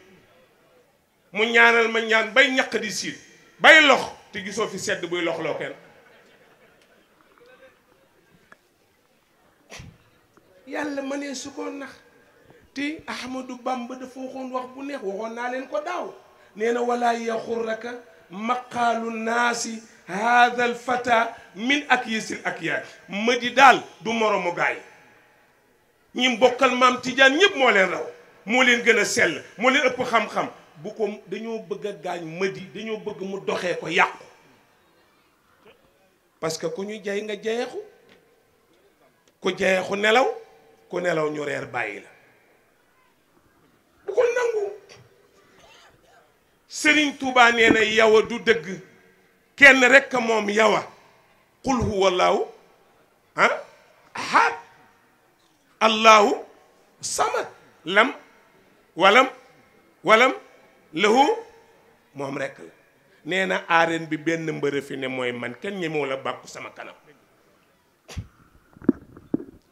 mu ñaanal ma ñaan bay ñaq di siit bay lox te gisoo fi sedd buy lox loo yàlla ma ne su ko nax te Ahmadou Bamba dafa waxoon wax bu neex waxoon naa leen ko daaw nee na walaa yaxurraka maqaalu naasi haada al fata min ak yisil ak yaa ma di daal du moromu gaay ñim bokkal maam Tidiane ñëpp moo leen raw moo leen gën a sell moo leen ëpp xam-xam bu ko dañoo bëgg a gaañ mëdi dañoo bëgg mu doxee ko yàqu parce que ku ñu jay nga jayeexu ku jayeexu nelaw ku nelaw ñu reer bàyyi la sëriñ Touba nee yawa du dëgg kenn rekk moom yawa qul huwa allaahu ah ahad allaahu lam walam walam lahu moom rekk la nee na aareen bi benn mbërë fi ne mooy man kenn ñemewu la bàkku sama kanam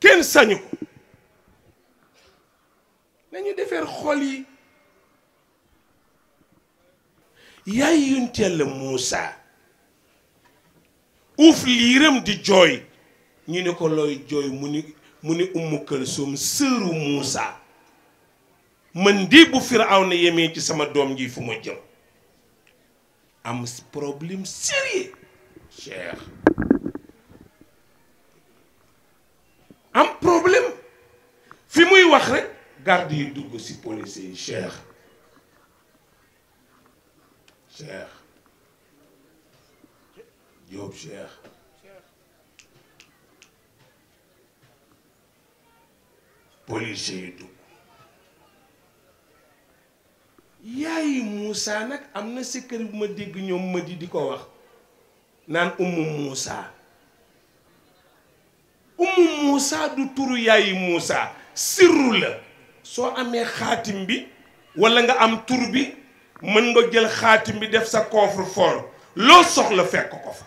kenn sañu ko nañu defar xol yi yaay yonent yàlla Muusaa uuf liiram di jooy ñu ne ko looy jooy mu ni mu ni Ummu Kalsum sëru Muusaa man de bu Firawna yemee ci sama doom ji fu ma jëm am problème sérieux Cheikh am problème fi muy wax rek garde yi dugg ci police yi Cheikh Cheikh Diop Cheikh nag am na secret bu ma dégg ñoom ma di di ko wax naan ummu Moussa ummu Moussa du turu yaayi Moussa sirru la soo amee xaatim bi walla nga am tur bi mën nga jël xaatim bi def sa coffre for loo soxla fekk ko fa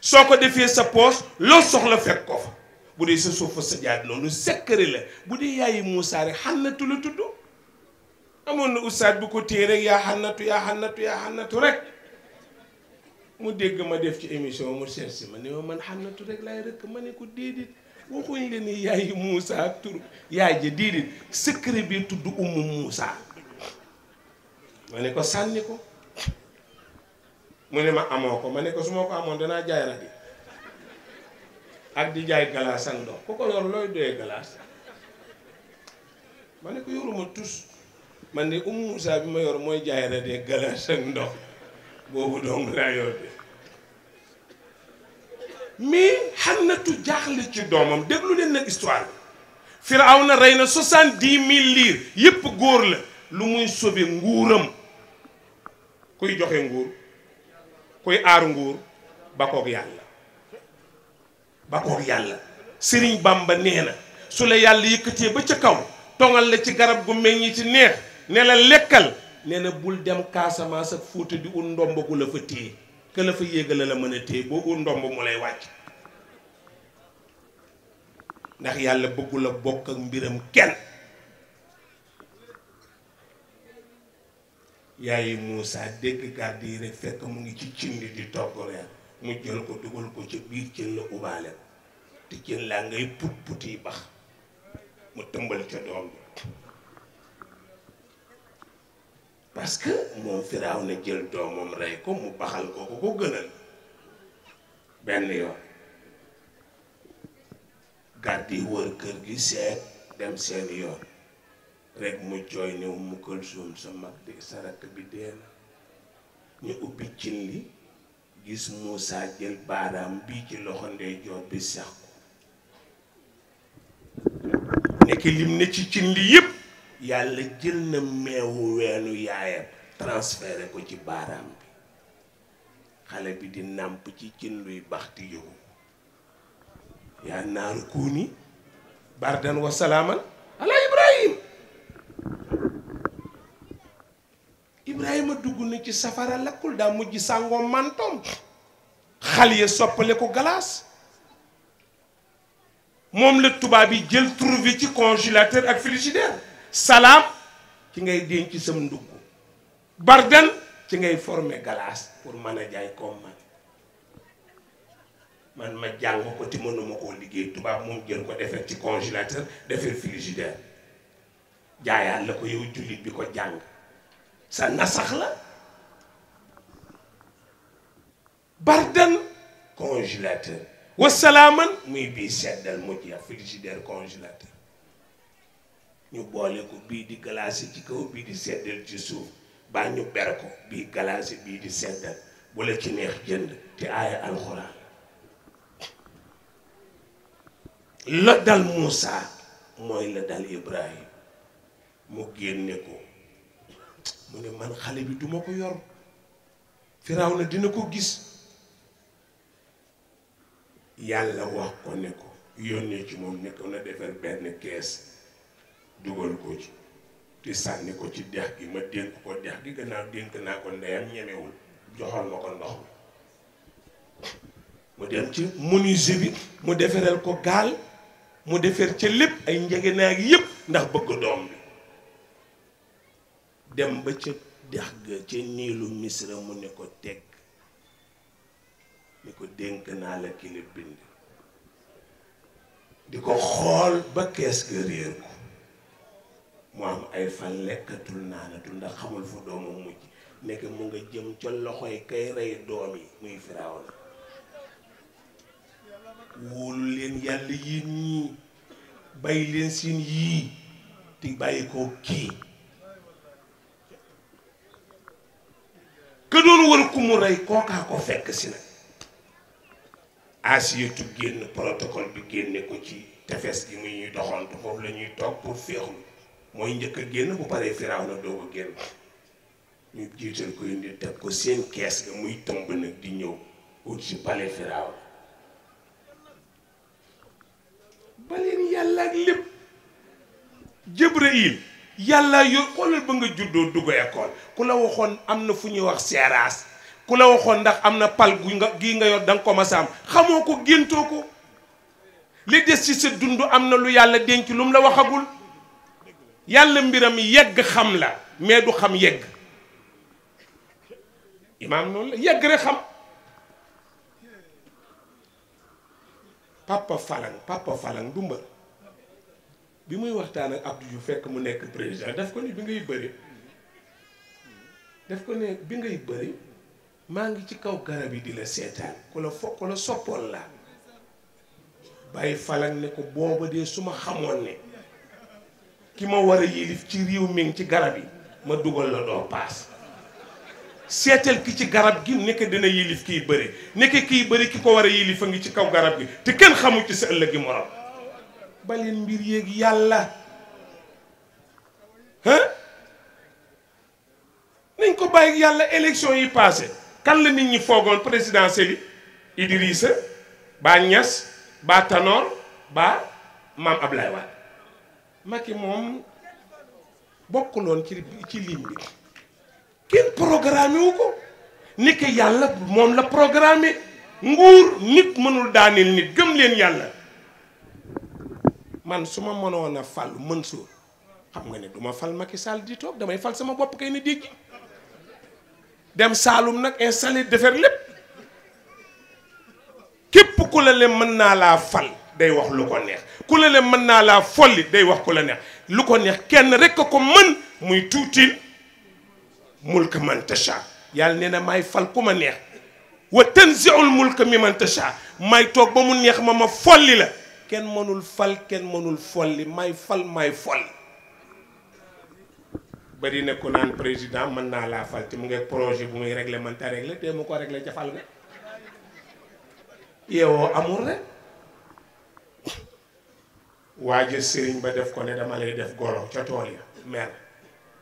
soo ko defee sa poos loo soxla fekk ko fa bu dee sa suuf sa jaat loolu secret la bu dee yaayi Moussa rek xànnatu la tudd amoon na ustaat bu ko téye rek yaa xànnatu yaa xànnatu yaa xànnatu rek mu dégg ma def ci émission mu seet si ma ne ma man xànnatu rek laay rëkk ma ne ko déedéet waxuñ la ni yaayi Moussa tur yaay ja déedéet secret bi tudd umu muusaa ma ne ko sànni ko mu ne ma amoo ko ma ne ko su ma ko amoon danaa jaay rab yi ak di jaay galaas ak ndox ku ko yor looy doyee galaas ma ne ko yoruma tus man de Umu Musaa bi ma yor mooy jaay rab yi galaas ak ndox boobu dong laa yor de mais xam na jaaxle ci doomam déglu leen nag histoire bi na rey na soixante-dix mille liir yépp góor la lu muy sobe nguuram kuy joxe nguur kuy aar nguur bakoog yàlla bakoog yàlla sëriñ bamba nee na su la yàlla yëkkatee ba ca kaw tongal la ci garab gu meññi ci neex ne la lekkal nee na bul dem Casamance ak Fuuta di ut ndomb gu la fa téye ke la fa yéegala la mën a téye boo ut ndomb mu lay wàcc ndax yàlla bëggul a bokk ak mbiram kenn yaayi Moussa dégg gàdd yi rek fekk mu ngi ci cin li di togg reer mu jël ko dugal ko ci biir cin la ubaale te cin laa ngay put put bax mu tëmbal ca doom bi parce que moom firaaw na jël doomam rey ko mu baxal ko ko ko gënal benn yoon gàdd yi wër kër gi seet dem seen yoon rek mu jooy ne mukkal suum sa mag de sa bi dee na ñu ubbi cin li gis Moussa jël baaraam bii ci loxo ndeyjoor bi sax ko nekk lim ne ci cin li yépp yàlla jël na meewu weenu yaayam transféré ko ci baaraam bi xale bi di nàmp ci cin luy baxti yóbbu yaa kuuni bardan wa salaaman ala Ibrahima dugg na ci safara lakkul daa mujj sàngoo mantoom xal ya soppale ko galaas moom la tubaab yi jël trouvé ci congélateur ak frigidaire salaam ci ngay ci sam ndugg bardan ci ngay forme galaas pour mën a jaay comme man man ma jàng ko ti mënuma koo liggéey tubaab moom jël ko defee ci congélateur defar frigidaire jaayaat la ko yow jullit bi ko jàng sa nasax la bardan congélateur wasalaaman muy bii seddal mujj ya frigidaire congélateur ñu boole ko bii di glacé ci kaw bii di seddal ci suuf baa ñu bii glacé bii di seddal bu la ci neex jënd te aaya alxuraan la dal Moussa mooy la dal Ibrahim mu génne ko mu ne man xale bi duma ko yor firaaw na dina ko gis yàlla wax ko ne ko yónnee ci moom nekk na defar benn kees dugal ko ci te sànni ko ci dex gi ma dénk ko dex gi gannaaw dénk naa ko ndeyam ñemewul joxal ma ko ndox mu dem ci menuisier bi mu defaral ko gaal mu defar ca lépp ay njëgënaay yépp ndax bëgg doom bi dem ba ca dex ga ca niilu misra mu ne ko teg ni ko dénk naa la ki la bind di ko xool ba kees ga réer ko mu am ay fan lekkatul naanatul ndax xamul fu doomam mujj nekk mu nga jëm ca loxoy kay rey doom yi muy firaaw na wóolu leen yàlla yéen ñii bàyyi leen seen yii te bàyyi ko kii ka doon wër ku mu rey kookaa ko fekk si nag asiyatu génn protocole bi génne ko ci tefes gi muy ñuy doxantu foofu la ñuy pour féexlu mooy njëkk a génn bu paree firaaw na doo ko génn ñu jiital ko indi teg ko seen kees ga muy tëmb nag di ñëw ut si palais firaaw la baleen yàlla ak lépp Jibril yàlla yo xoolal ba nga juddoo dugg école ku la waxoon am na fu ñuy wax seeraas ku la waxoon ndax am na pal gu nga gii nga yor da nga ko mas a am xamoo ko géntoo ko li des ci sa dund am na lu yàlla denc lu mu la waxagul yàlla mbiram yegg xam la mais du xam yegg imaam noonu la yegg rek xam papa falang papa falang du bi muy waxtaan ak Abdou Diouf fekk mu nekk président daf ko ni bi ngay bëri daf ko ne bi ngay bëri maa ngi ci kaw garab yi di la seetaan ku la fo ku la soppoon la bàyyi falak ne ko booba dee su ma xamoon ne ki ma war a yilif ci réew mi ci garab yi ma dugal la doo paas seetal ki ci garab gi nekk dina yilif kiy bëri nekk kiy bëri ki ko war a yilif a ngi ci kaw garab gi te kenn xamu ci sa ëllëg gi morom ba baleen mbir yéeg yàlla hein nañ ko bàyyi yàlla élection yi passé kan la nit ñi foogoon présidentielle yi Idrissa ba Niass ba Tanor ba maam Ablaye Wade Macky moom bokkuloon ci ci ligne bi kenn programme ko ni yàlla moom la programme nguur nit mënul daaneel nit gëm leen yàlla man su ma mënoon a mën Mansour xam nga ne du ma fal Macky Sall di toog damay fal sama bopp kay ne dégg dem Saalum nag installé defar lépp képp ku la le mën naa laa fal day wax lu ko neex ku la le mën naa laa folli day wax ko la neex lu ko neex kenn rek ko mën muy tuuti mulk man tasha yàlla nee na maay fal ku ma neex wa tanziul mulk mi man tasha maay toog ba mu neex ma ma folli la kenn mënul fal kenn mënul fol li may fal may folli bari na ko naan président mën naa laa fal te mu ngi projet bu muy réglé mën ta réglé te mu ko réglé ca fal nga yeewoo amul rek waaja sëriñ ba def ko ne dama lay def golo ca tool ya mer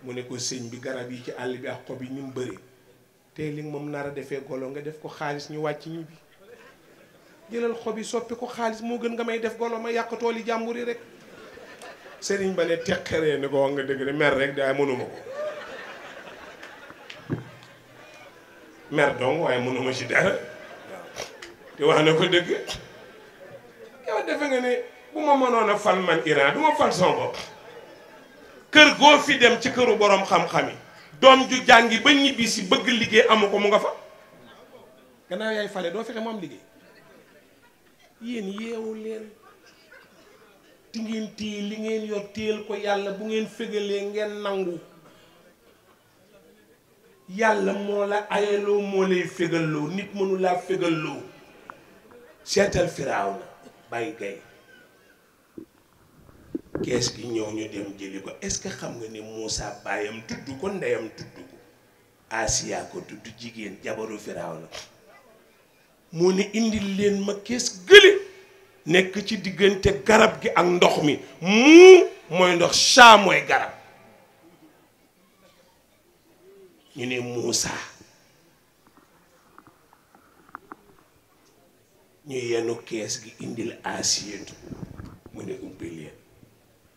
mu ne ko sëñ bi garab yi ci àll bi ak xob yi ñu mu bëri te li moom nar a defee golo nga def ko xaalis ñu wàcc ñu bi jëlal xob yi soppi ko xaalis moo gën nga may def golo ma yàq tool jàmbur yi rek sëriñ ba ne teqaree ni ko wax nga dëgg de mer rek daay mënuma ko mer dong waaye mënuma ci dara te wax na ko dëgg yow defe nga ne bu ma mënoon a fal man Iran du ma fal sama kër goo fi dem ci këru borom xam-xam yi doom ju jàngi ba ñibbi si bëgg liggéey amu ko mu nga fa gannaaw yaay fale doo fexe moom liggéey yéen yeewu leen ti ngeen téye li ngeen yor téyel ko yàlla bu ngeen fégalee ngeen nangu yàlla moo la ayaloo moo lay fégalloo nit mënu laa fégalloo seetal firaaw na bàyyi gay kees gi ñëw ñu dem jëli ko est-ce xam nga ni Moussa baayam tudd ko ndeyam tudd ko Asiya ko tudd jigéen jabaru firaaw na moo ne indil leen ma kees gële nekk ci diggante garab gi ak ndox mi mu mooy ndox saa mooy garab ñu ne Muusa ñu yenu kees gi indi Asiyatu mu ne ubbi leen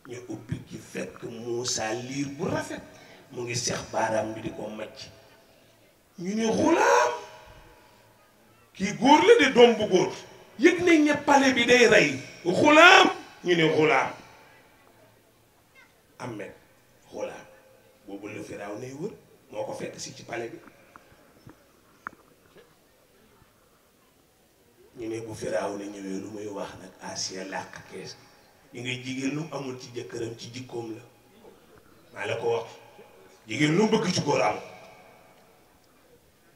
ñu ubbi gi fekk Muusa liir bu rafet mu ngi seex baaraam bi di ko macc ñu ne xulaam kii góor la de doom bu góor yëg nañ ne pale bi day rey xulaam ñu ne xulaam amet xulaam boobu la firaaw nay wër moo ko fekk si ci pale bi ñu ne bu firaaw na ñëwee lu muy wax nag Asiya làkk kees yi ngay jigéen lu amul ci jëkkëram ci jikkoom la maa la ko wax jigéen lu mu bëgg ci góor am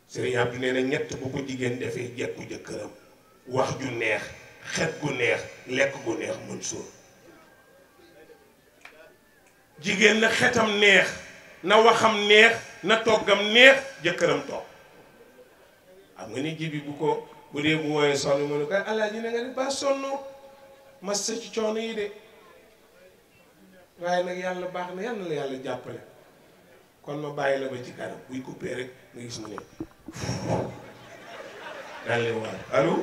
Serigne bi nee na ñett bu ko jigéen defee jekku jëkkëram wax ju neex xet gu neex lekk gu neex mën suur jigéen na xetam neex na waxam neex na toggam neex jëkkëram toog xam nga ni jibi bu ko bu dee bu wooyee sonn mu ne ko alaaji na nga def ba sonn mas sa coono yi de waaye nag yàlla baax na yàlla yàlla jàppale kon ma bàyyi la ba ci kanam buy coupé rek nga gis mu ne daal leen waar allo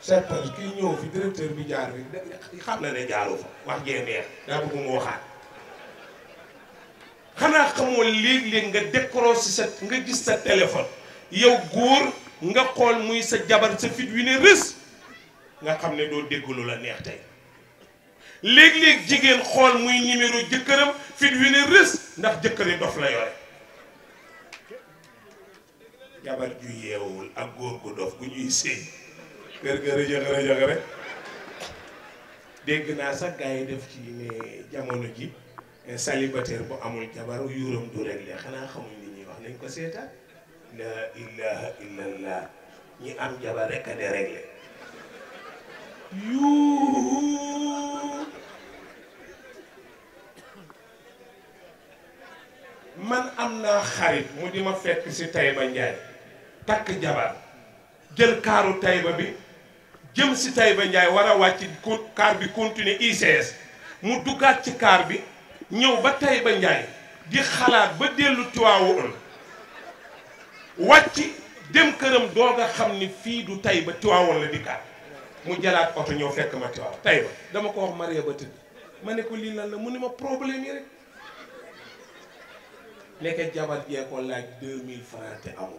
serpent ñëw fi directeur bi jaar fi xam na ne jaaroo fa wax jee neex daa bëgg waxaat xanaa xamoo léeg-léeg nga décroché sa nga gis sa téléphone yow góor nga xool muy sa jabar sa fit wi ne rës nga xam ne doo déggulu la neex tey léeg-léeg jigéen xool muy numéro jëkkëram fit wi ne rës ndax jëkkëri dof la yore jabar ju yewul ak góor gu dof gu ñuy séy ger ga rëjëx rëjëx rek dégg naa sax gars def ci ne jamono ji salibataire eh, bu amul jabar yuuram du le xana xamuñ ni ñuy wax nañ ko seeta la ilaha Ni ñi am jabar rek a de réglé man amna xarit mu di fekk ci tayba Ndiaye takk jabar jël kaaru Taïba bi jëm si tayba Ndiaye war a wàcc kaar bi continuer ICS mu duggaat ci kaar bi ñëw ba Taïba Ndiaye di xalaat ba dellu Tiwaawoon wàcc dem këram doog a xam ni fii du Taïba Tiwaawoon la di kaar mu jëlaat oto ñëw fekk ma Tiwaawoon Taïba dama ko wax Maria ba tëdd ma ne ko lii lan la mu ne ma problème yi rek nekk jabar jee ko laaj deux mille francs te amul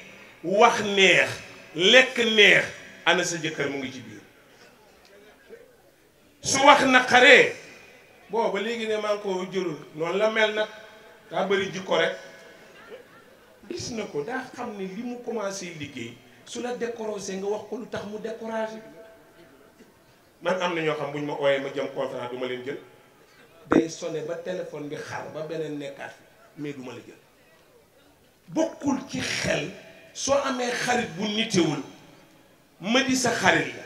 wax neex lekk neex ana sa jëkkër mu ngi ci biir su wax naqaree booba léegi ne maa ngi ko noonu la mel nag daa bëri jikko rek gis na ko daa xam ne li mu commencé liggéey su la découragé nga wax ko lu tax mu découragé man am na ñoo xam bu ñu ma ooyee ma jëm contrat du ma leen jël day sonné ba téléphone bi xaar ba beneen nekkaat mais du ma la jël bokkul ci xel soo amee xarit bu nitewul ma di sa xarit la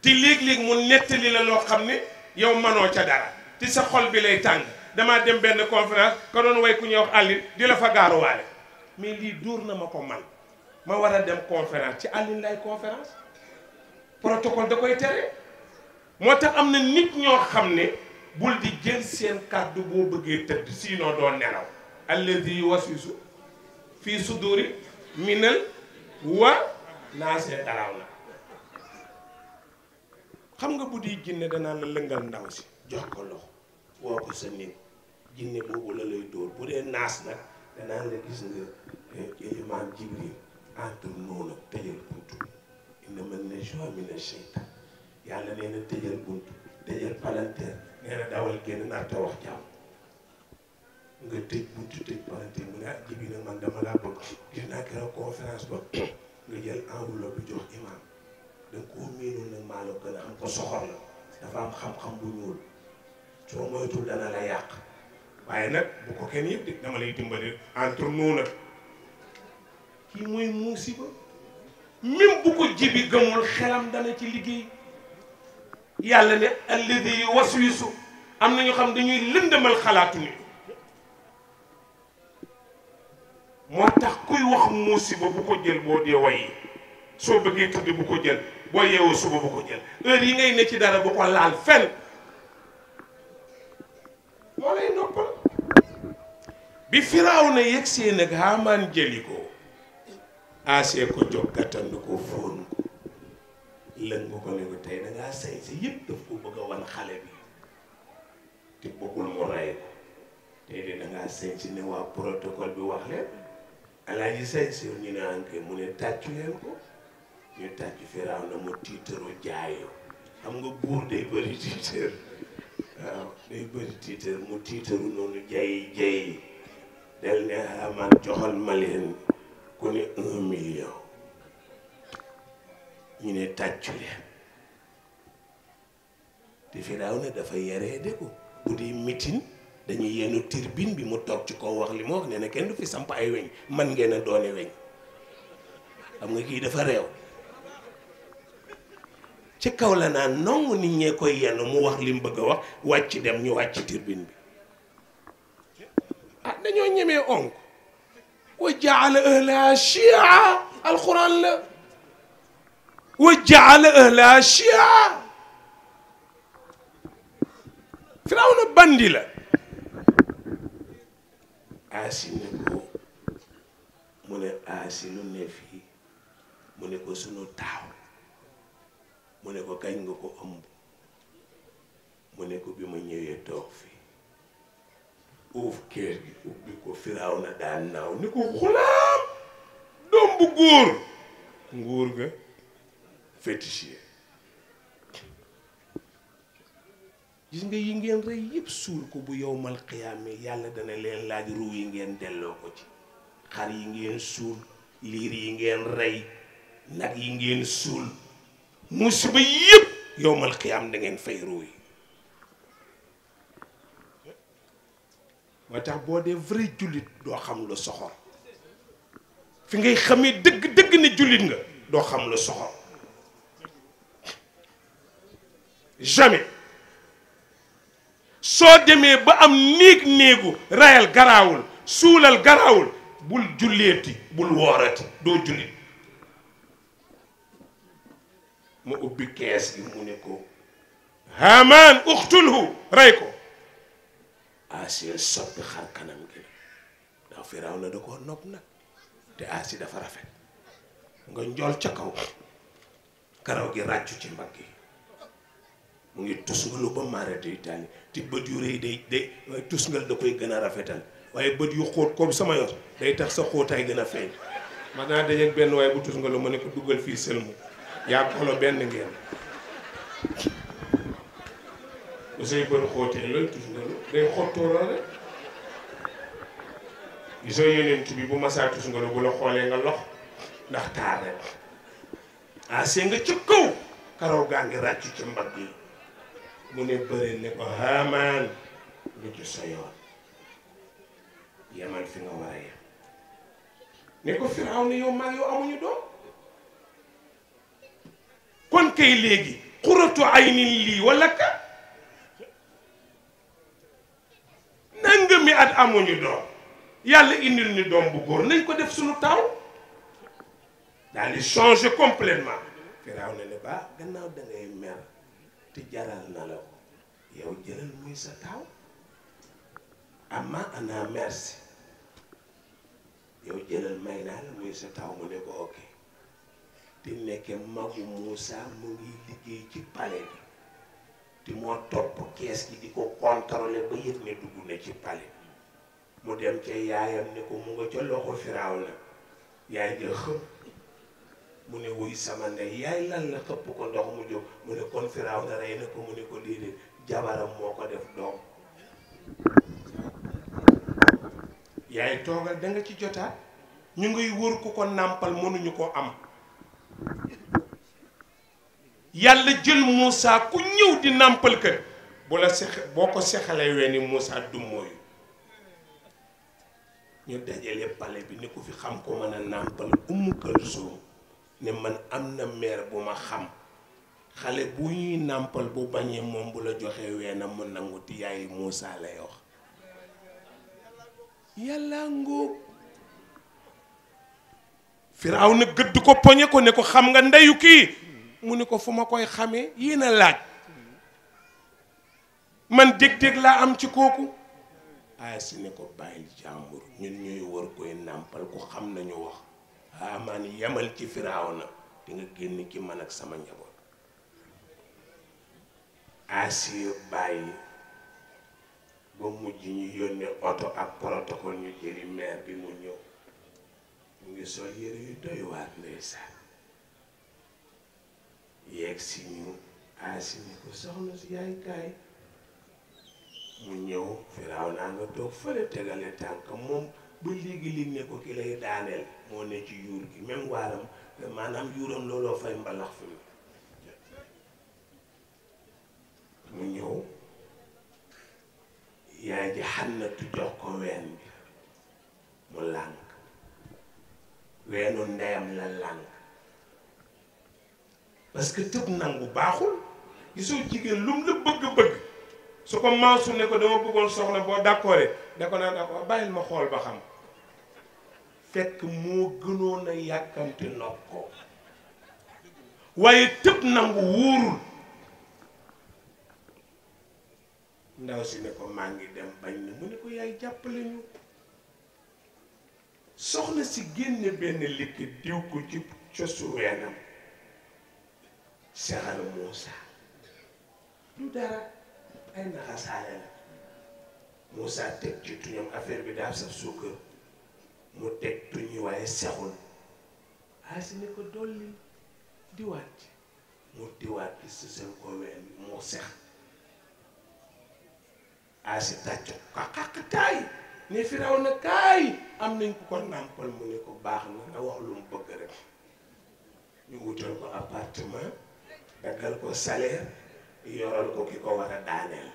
te léeg-léeg mu nettali la loo xam ne yow manoo ca dara te sa xol bi lay tàng damaa dem benn conférence ka doon way ku ñëw wax àllin di la fa gaaruwaale mais lii dóor na ma ko man ma war a dem conférence ci àllin lay conférence protocole da koy tere moo tax am na nit ñoo xam ne bul di jël seen kàddu boo bëggee tëdd sinon doo nelaw alladi yuwaswisu fii suduri minal wa naasee daraaw na xam nga bu di jinne danaa la lëngal ndaw si jox ko loxo woo ko sa néeg jinne boobu la lay dóor bu dee naas nag danaa la gis nga ilimaam eh, jibril entre noonu tëjal buntu inna man najwa mina shaytaan yàlla nee na tëjal buntu tëjal palanteer nee na dawal génn naa te wax jàmm nga tëj buntu tëj palanteer mu ne ah nag man dama laa bëgg gis naa keroog conférence ba nga jël enveloppe bi jox imam da koo miinul nag maa la gën a am ko soxor la dafa am xam-xam bu ñuul soo moytul dana la yàq waaye nag bu ko kenn yëpp dama lay dimbali entre nous kii mooy muusiba même bu ko jibi gëmul xelam dana ci liggéey yàlla ne alladi waswisu am na ñu xam dañuy lëndëmal xalaatu ni moo tax kuy wax musiba bu ko jël boo dee wayi soo bëggee tëdd bu ko jël boo yeewoo suba bu ko jël heure yi ngay ne ci dara bu ko laal fenn moo lay noppal bi ko aasee ko dangaa sañ yëpp daf ko bëgg wan xale bi te bëggul mu rey ko tey de dangaa sañ ne waa protocole bi wax leen alaaji say si ñu ne anke mu ne tàccu leen ko ñu tàccu firaaw na mu tiitaru jaayoo xam nga buur day bëri tiitar waaw day bëri tiitar mu tiitaru noonu jayi jayi del ne xamaan ah, joxal ma leen ku ne un million ñu ne tàccu leen te firaaw na dafa yaree de ko bu dee mitin dañuy yéenu tirbine bi mu toog ci kaw wax li mu wax nee na kenn du fi samp ay weñ man ngeen a doone weñ xam nga kii dafa réew ci kaw la naan nongu nit ñee koy yenn mu wax li mu bëgg a wax wàcc dem ñu wàcc tirbine bi ah dañoo ñemee onk wa jaala ahlaha chia alquran la wa jaala ahlaha chia firawna bandi la aasi ne ko mu ne aasi lu ne fii mu ne ko sunu taaw mu ne ko kañ nga ko ëmb mu ne ko bi ma ñëwee toog fii uuf kër gi ubbi ko firaaw na daan naaw ni ko xulaam
doom bu góor
nguur ga féticheur gis nga yi ngeen rey yëpp suul ko bu yowmal xiyaame yàlla dana leen laaj ruu ngeen delloo ko ci xar yi ngeen suul liir yi ngeen rey nag yi ngeen suul musiba yëpp yowmal xiyaam dangeen ngeen fay ruu moo tax boo dee vrai jullit doo xam lu soxor fi ngay xamee dëgg dëgg ne jullit nga doo xam lu soxor so demé ba am néeg néegu rayal garawul suulal garawul bul julleti bul worati do julit mo ubbi kess gi mu ne ko haman uxtulhu rey ko aasi soppi xar kanam gi da fi raw na dako nop nopp nag te aasi dafa rafet nga njool ca kaw karaw gi ràccu ci mbagg mu ngi tusngalu ba maarate itaali te bët yu rëy day day tusngal da koy gën a rafetal waaye bët yu xóot comme sama yor day tax sa xóotaay gën a feeñ man naa benn waaye bu tusngalu ma ne ko duggal fii sëlmu yaa boolo benn ngeen bu say bët xóotee loolu yeneen bi bu masaa tusngalu bu la xoolee nga lox ndax taar rek ah nga ci kaw karaw gaa ngi ràcc ci mbagg yi mu ne bëri ne ko haamaan lu ci sa yoon yamal fi nga war a yem ne ko firaw ne yow mag yow amuñu doom kon kay léegi xuratu aynin lii wala ka nangami at amuñu doom yàlla indil ñu doom bu góor nañ ko def suñu taw daal di changer complètement firaw ne ne ba gannaaw da ngay mer te jaral na la ko yow jëlal muy sa taaw amma ana merci yow jëlal may naa la muy sa taaw mu ne ko ok te nekke magu Moussa mu ngi liggéey ci palais bi te moo topp kees gi di ko contrôlé ba yëg ne dugg na ci palais mu dem ca yaayam ne ko mu nga ca loxo firaaw la yaay ja xëm mu ne wuy sama ndey yaay lan la topp ko ndox mu jóg mu ne kon firaaw na rey na ko mu ne ko déedéet jabaram moo ko def doom yaay toogal danga ci jotaat ñu ngay wër ku ko nàmpal mënuñu ko am yàlla jël Moussa ku ñëw di nàmpal ka bu la sex boo ko sexalee weeni Moussa dummóoyu ñu dajale pale bi ni ku fi xam ko mën a nàmpal Umu Kalsum ne man am na meer bu ma xam xale bu ñuy nàmpal bu bañee moom bu la joxee weena mu nangu ti yaay Moussa lay wax yàlla ngóog firaaw na gëdd ko poñe ko ne ko xam nga ndeyu kii mu ne ko fu ma koy xamee yéen a laaj man dég-dég laa am ci kooku aay si ne ko bàyyil jàmbur ñun ñuy war koy nàmpal ku xam nañu wax Haamaan yemal ci na di nga génn ki man ak sama njaboot Asiya bàyyi ba mujj ñu yónnee oto ak protocole ñu jëri maire bi mu ñëw mu ngi sol yére yu doy waat ndeysaan yeeg si ñu Asiya ni ko soxna si yaay kaay mu ñëw Firawna nga toog fële tegale tànk moom ba léegi-léeg ne ki lay daaneel moo ne ci yuur gi même waaram maanaam yuuram looloo fay mbalax fi mu mu ñëw yaay ji xannatu jox ko ween bi mu lànk weenu ndeyam la lànk parce tëb nangu baaxul gisoo jigéen lum la bëgg-bëgg su ko maasu ne ko dama bëggoon soxla boo d'accordé da ko naan ah, bàyyil ma xool ba xam fekk moo gënoon a yàkkamte nopp waaye tëb nangu wóorul ndaw si ne ko maa ngi dem bañ na mu ne ko yaay jàppale ñu soxna si génne benn liquide diw ko ci cosu weenam seral Moussa du dara ay naxasaale la Moussa teg ci tuñam affaire bi daal saf suukar mu teg tuñu waaye sexul aasi ne ko dolli diwaat ci mu diwaat ci si seen ko ween mu sex aasi tàccu ko ne firaw na kaay am nañ ko ko nàmpal mu ne ko baax na nga wax mu bëgg rek ñu wutal ko appartement daggal ko salaire yoral ko ki ko war a daaneel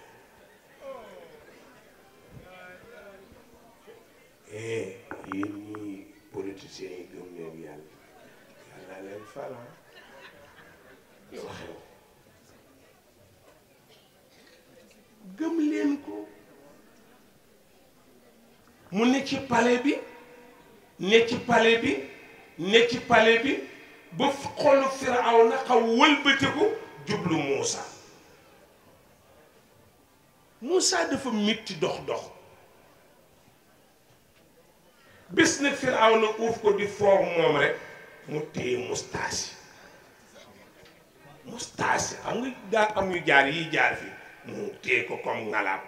eh yéen ñii politiciens gëm leen yàlla yàlla leen fal waxew gëm leen ko mu ne ci pale bi ne ci bi ne pale palais bi ba xolu Firawna xaw wëlbatiku jublu Moussa Moussa dafa mitti dox dox bis nag Firawna uuf ko di foox moom rek mu téye mustaasi mustaasi xam nga daa am yu jaar yi jaar fi mu téye ko comme ngalaab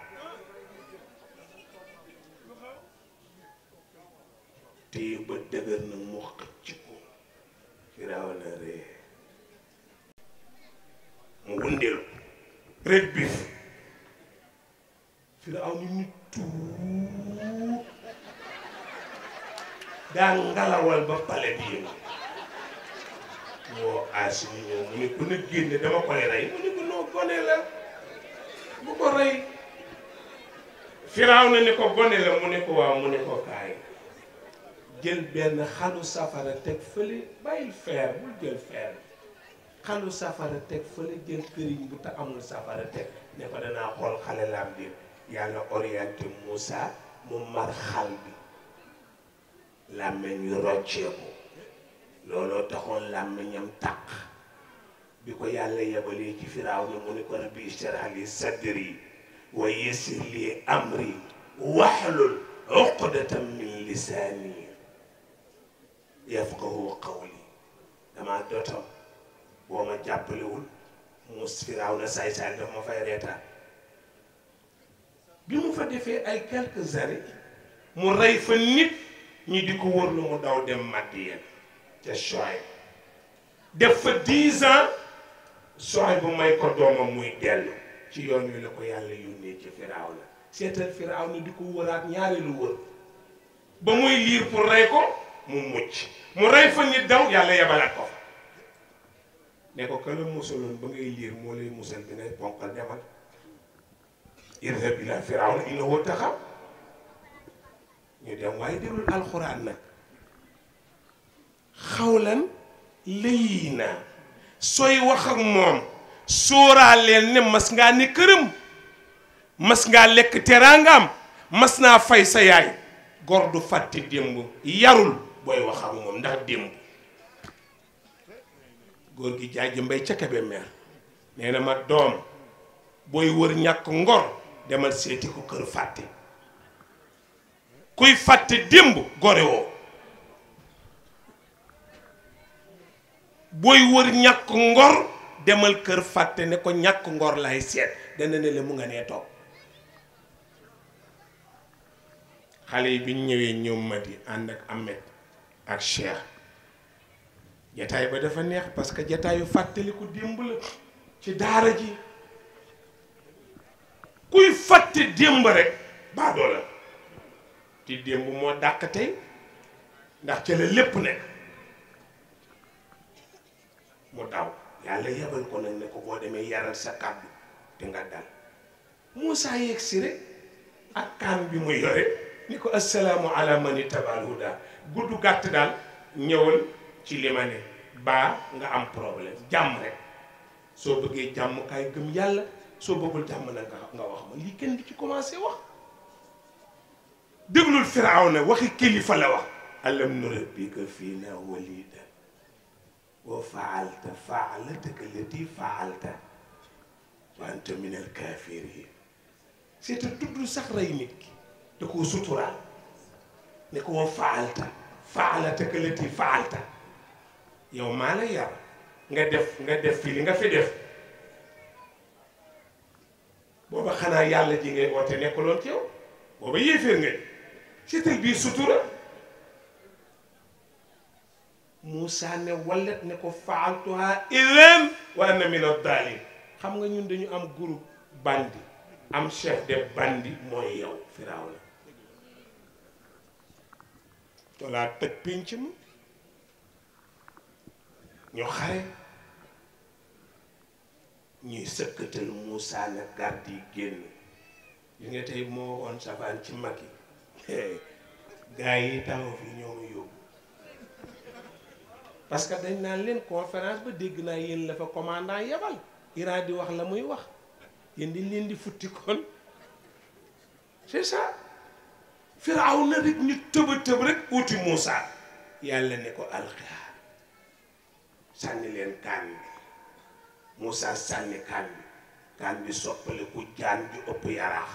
téye ba dëgër na mu xëcc ko Firawna ree mu wundeel rek biif Firawna ñu tuur daa ngalawal ba pale bi yëngu moo aasi ah, bi mu ne ku ne génne dama koy rey mu ne ko noo gone la bu ko rey firaaw na ne ko gone la mu ne ko waaw mu ne ko jël benn xalu safara teg fële bàyyil feer bul jël feer xalu safara teg fële jël këriñ bu te amul safara teg ne ko danaa xool xale laam bi yàlla orienté Moussa mu mar xal bi làmmeñ yu rocceeku looloo taxoon làmmeñam tàq bi ko yàlla yebalee ci firaaw na mu ni ko rabbi ishrah li sadri wa yassir li amri wahlul uqdatan min lisaani yafqahu qawli damaa dotam boo ma jàppalewul mus firaaw na saay-saay daf ma fay reetaan bi mu fa defee ay quelques années mu rey fa nit ñi di ko wóor lu mu daw dem Madiyan te Suhayb def fa dix ans Suhayb bu may ko doomam muy dellu ci yoon wi la ko yàlla yónnee ci Firaaw la seetal Firaaw na di ko wëraat ñaareelu wër ba muy liir pour rey ko mu mucc mu rey fa nit daw yàlla yebalaat ko fa ne ko këram musaloon ba ngay liir moo lay musal bi ne ponkal demal irhab ila Firaaw na innahu taxaw ñu dem waaye déglul alxuraan nag xawlan lëyi naa sooy wax ak moom sóoraaleel ne mas ngaa ne këram mas ngaa lekk teraangaam mas naa fay sa yaay gor du fàtte démb yarul booy wax ak moom ndax démb góor gi jaaji mbay ca kebe meer nee na ma doom booy wër ñàkk ngor demal seeti ko kër fàtte kuy fàtte démb gore woo booy wër ñàkk ngor demal kër fàtte ne ko ñàkk ngor lay seet dana ne la mu nga nee toog xale yi bi ñu ñëwee ñoom mati ànd ak Ahmed ak Cheikh jataay ba dafa neex parce que jataayu fàttaliku démb la ci daara ji kuy fàtte démb rek baadoo ti démb moo dàq tey ndax ca la lépp nekk mu daw yàlla yebal ko nag ne ko boo demee yaral sa kàddu te nga dal Moussa yegg si rek ak kaan bi mu yore ni ko assalaamu ala mani tabal gudd gàtt daal ñëwal ci li baa nga am problème jàmm rek soo bëggee jàmm kaay gëm yàlla soo bëggul jàmm na nga nga wax ma lii kenn du ci commencé wax دغلو الفرعون وخي كلفة لوا ألم نربك فينا وليدا وفعلت فعلتك التي فعلت وأنت من الكافرين سيت تدلو سخرينك تكو سترا نكو فعلت فعلتك التي فعلت يا nga def nga def fi li nga fi def booba xanaa yàlla ji ngay woote nekkuloon ci yow booba yéefér sitir bii sutura Moussa ne wallet ne ko faaltuha idhan wa ana min daalin xam nga ñun dañu am groupe bandi am chef de bandi mooy yow Firawna tolaa tëj pinc ma ñu xare ñuy sëkkatal Moussa na garde yi génn yi nga tey moo waxoon safaan ci mag yi Eh, gaa yi taxaw fii ñoo yóbbu parce que dañ naan leen conférence ba dégg naa yéen la fa commandant yebal Iran di wax la muy wax yéen di leen di futti kon c'est ça firaaw na rek ñu tëba tëb rek wuti Moussa yàlla ne ko alqa sànni leen kaan bi Moussa sànni kaan bi kaan bi soppale ku jaan ju ëpp yaraax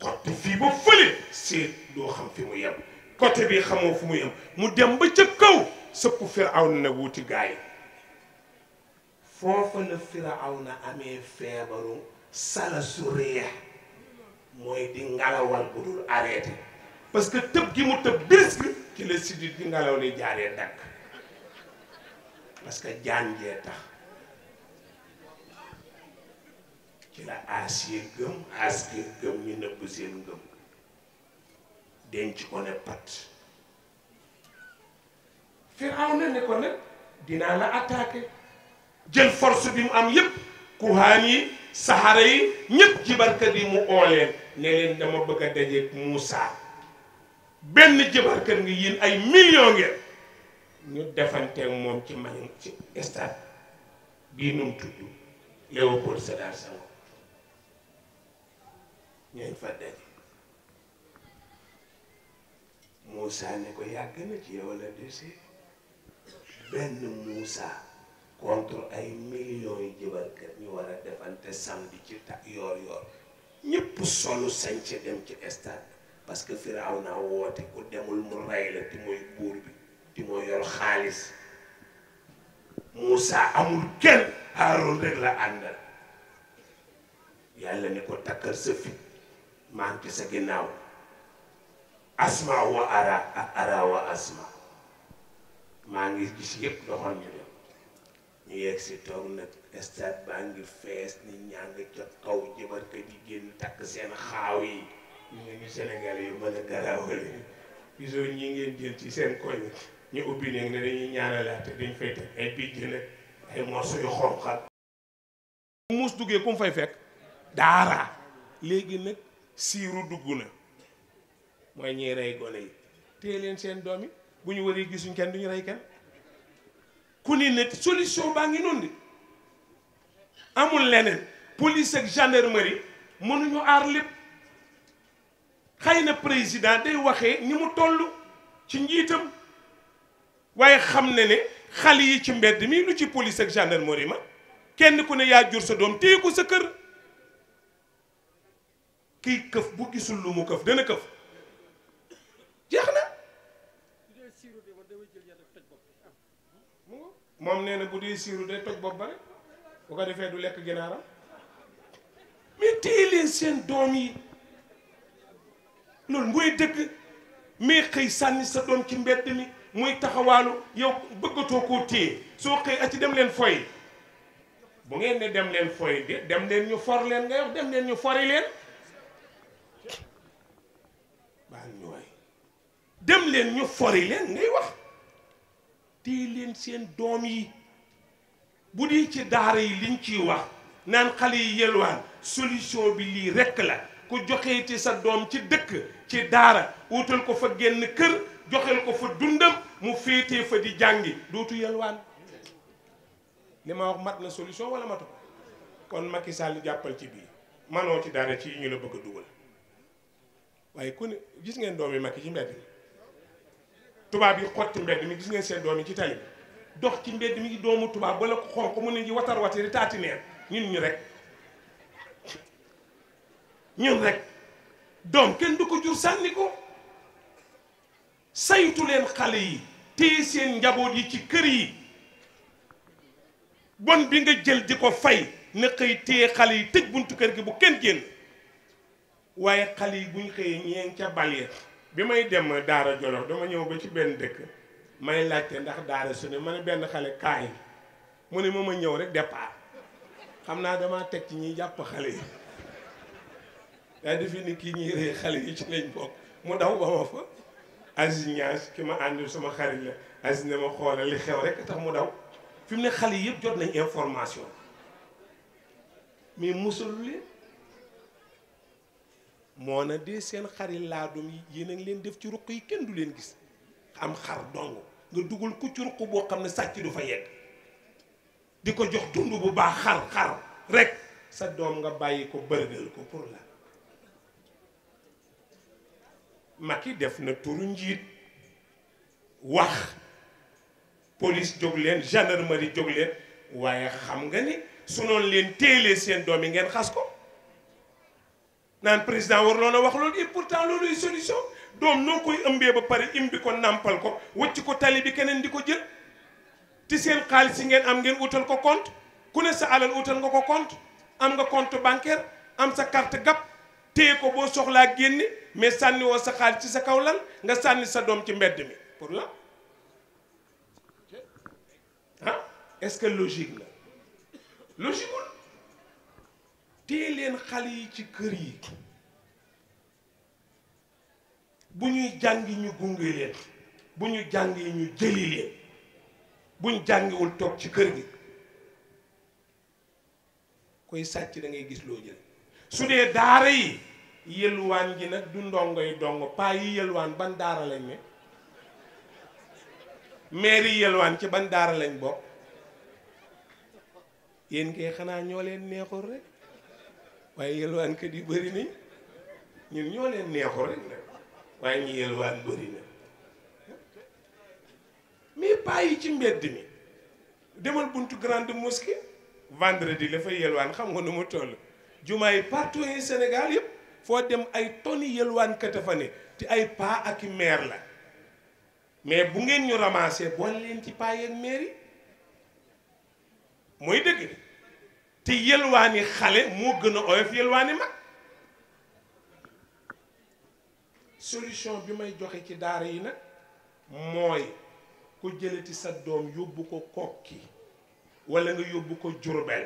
xotti fii ba fële seet doo xam fi mu yem côté bi xamoo fu mu yem mu dem ba ca kaw sëpp na nag wuti gaay foofa la firawna amee feebaru sala su mooy di ngalawal bu dul arrêté parce que tëb gi mu tëb bés ci la sidit di ngalaw li jaaree dakk parce que jaan jee tax ci la aas yi gëm aas gëm ñu nëbb seen gëm denc ko ne pat Firawna ne ko nag dinaa la attaqué jël force bi mu am yépp kuhaan yi saxara yi ñépp jibarkat yi mu ooleen ne dama bëgg a dajeeg Moussa benn jibarkat ngi yéen ay million ngeen ñu defanteeg moom ci man ci stade bii num tudd Léopold Sédar Senghor ñooñ fa daje Moussa ne ko yàgg na ci yow la dese benn Moussa contre ay millions yi jibarkat ñu war a defante samedi ci ta yoor yoor ñépp solu sañc dem ci stade parce que firaaw naa woote ku demul mu rey la ti mooy buur bi ti moo yor xaalis Moussa amul kenn Haroun rek la àndal yàlla ne ko takkal sa fit maa ngi sa ginnaaw asma wa ara ak asma maa ngi gis yëpp doxal ñu dem ñu yegg si toog nag stade baa ngi fees nit ñaa ngi jot kaw jëbarkat yi génn takk seen xaaw yi ñu ngi ñu Sénégal yu mën a garaawale gisoo ñi ngeen jël ci seen koñ ñu ubbi néeg ne dañuy ñaanalaate dañ fay teg ay bijj nag ay morso yu xonqal muus duggee ku mu fay fekk daara léegi nag siiru dugg na mooy ñuy rey gone yi téye leen seen doom yi bu ñu waree gisuñ kenn du ñu rey kenn ku ni ne solution baa ngi noon de amul leneen police ak gendarmerie mënuñu aar lépp xëy na président day waxee ni mu toll ci njiitam waaye xam na ne xale yi ci mbedd mii lu ci police ak gendarmerie ma kenn ku ne yaa jur sa doom téye ko sa kër kiy këf bu gisul lu mu këf dana këf jeex na moom nee na bu dee siiru de toj bopp ba bu ko defee du lekk ginaaram mais téye leen seen doom yi loolu mooy dëgg mais xëy sànni sa doom ci mbedd mi muy taxawaalu yow bëggatoo koo téye soo xëy a ci dem leen foy bu ngeen ne dem leen foy de dem leen ñu for leen nga wax dem leen ñu fori leen dem leen ñu fori leen ngay wax téye leen seen doom yi bu dee ci daara yi liñ ciy wax naan xale yi yelwaan solution bi lii rekk la ku joxee ci sa doom ci dëkk ci daara wutal ko fa génn kër joxel ko fa dundam mu féetee fa di jàngi dootu yelwaan li ma wax mat na solution walla matu ko kon Macky Sall jàppal ci bii manoo ci dara ci ñu la bëgg a dugal waaye ku ne gis ngeen doom yi Macky ci mbedd tubaab yi xotti mbedd mi gis ngeen seen doom yi ci tali bi dox ci mbedd mi doomu tubaab wala ko xonq mu ne ji watar watari taati neen ñun ñu rek ñun rek doom kenn du ko jur sànni ko saytu leen xale yi téye seen njaboot yi ci kër yi bon bi nga jël di ko fay na xëy téye xale yi tëj buntu kër gi bu kenn génn waaye xale yi buñ xëyee ñeen ca baleer bi may dem daara Jolof dama ñëw ba ci benn dëkk may laajte ndax daara su ne ma ne benn xale kaay mu ne ma ma ñëw rek départ xam naa damaa teg ci ñi jàpp xale yi daa defe ni kii ñuy rey xale yi ci lañ bokk mu daw ba ma fa asignage ki ma àndul suma xarit la asi ma xoolal li xew rek tax mu daw fi mu ne xale yëpp jot nañ information mais musul leen moo na dee seen xari laadum yi yéen a leen def ci ruq yi kenn du leen gis am xar dong nga dugal ku ci ruq boo xam ne sàcc du fa yegg di ko jox dund bu baax xar xar rek sa doom nga bàyyi ko bërgël ko pour la yi def na turu njiit wax polis jóg leen gendarmerie jóg waaye xam nga ni su noonu leen téelee seen doom yi ngeen xas ko naan président warloon a wax loolu et pourtant looluy solution doom noo koy ëmbee ba pare im bi ko nàmpal ko ci ko tali bi keneen di ko jël ci seen xaalis yi ngeen am ngeen utal ko compte ku ne sa alal utal nga ko compte am nga compte bancaire am sa carte gab téye ko boo soxlaa génne mais sànni woo sa xaalis ci sa kaw lal nga sànni sa doom ci mbedd mi pour la ah est-ce que logique la logique téye leen xale yi ci kër yi bu ñuy jàngi ñu gunge leen bu ñu jàngi ñu jëli jàngiwul toog ci kër gi koy sàcc da ngay gis loo jël su dee daara yi yëlwaan gi nag du ndongoy dongo paa yi yëlwaan ban daara lañ ne maire yëlwaan ci ban daara lañ bokk yéen kay xanaa ñoo leen neexul rek waaye yelwaankat yi bëri nañ ñun ñoo leen neexoo rek nag waaye ñu yelwaan bëri na mais pas yi ci mbedd mi demal buntu grande mosquée vendredi la fay yelwaan xam nga nu mu toll jumaa yi partout yi Sénégal yëpp foo dem ay toni yelwaankat a fa ne te ay paa ak meer la mais bu ngeen ñu ramassé boole leen ci paa yeeg meer yi mooy dëgg te yëlwaani xale moo gën a oyof yëlwaani mag solution bi may joxe ci daara yi nag mooy ku jëlati sa doom yóbbu ko kokki walla nga yóbbu ko jurbel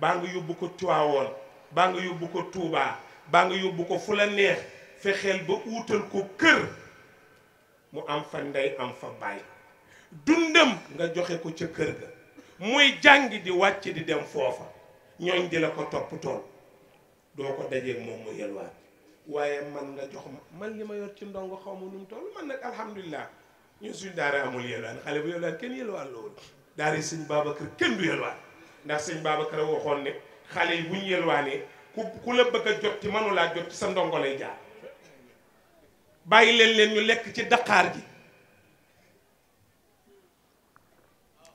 baa nga yóbbu ko tiwaawoon baa nga yóbbu ko tuubaa baa nga yóbbu ko fu la neex fexeel ba uutal ko kër mu am fa ndey am fa baay dundam nga joxe ko ca kër ga muy jàngi di wàcc di dem foofa ñooñ di la ko toppatoon doo ko dajeeg moom mu yelwaat waaye man nga jox ma man li ma yor ci ndongo xaw ma nu mu toll man nag alhamdulilah ñun suñ daara amul yelwaan xale bu yelwaan kenn yelwaan loolu daara yi sëñ Babacar kenn du yelwaan ndax sëñ Babacar a waxoon ne xale yi bu ñu yelwaanee ku ku la bëgg a jot ci manulaa jot ci sa ndongo lay jaar bàyyi leen leen ñu lekk ci daqaar gi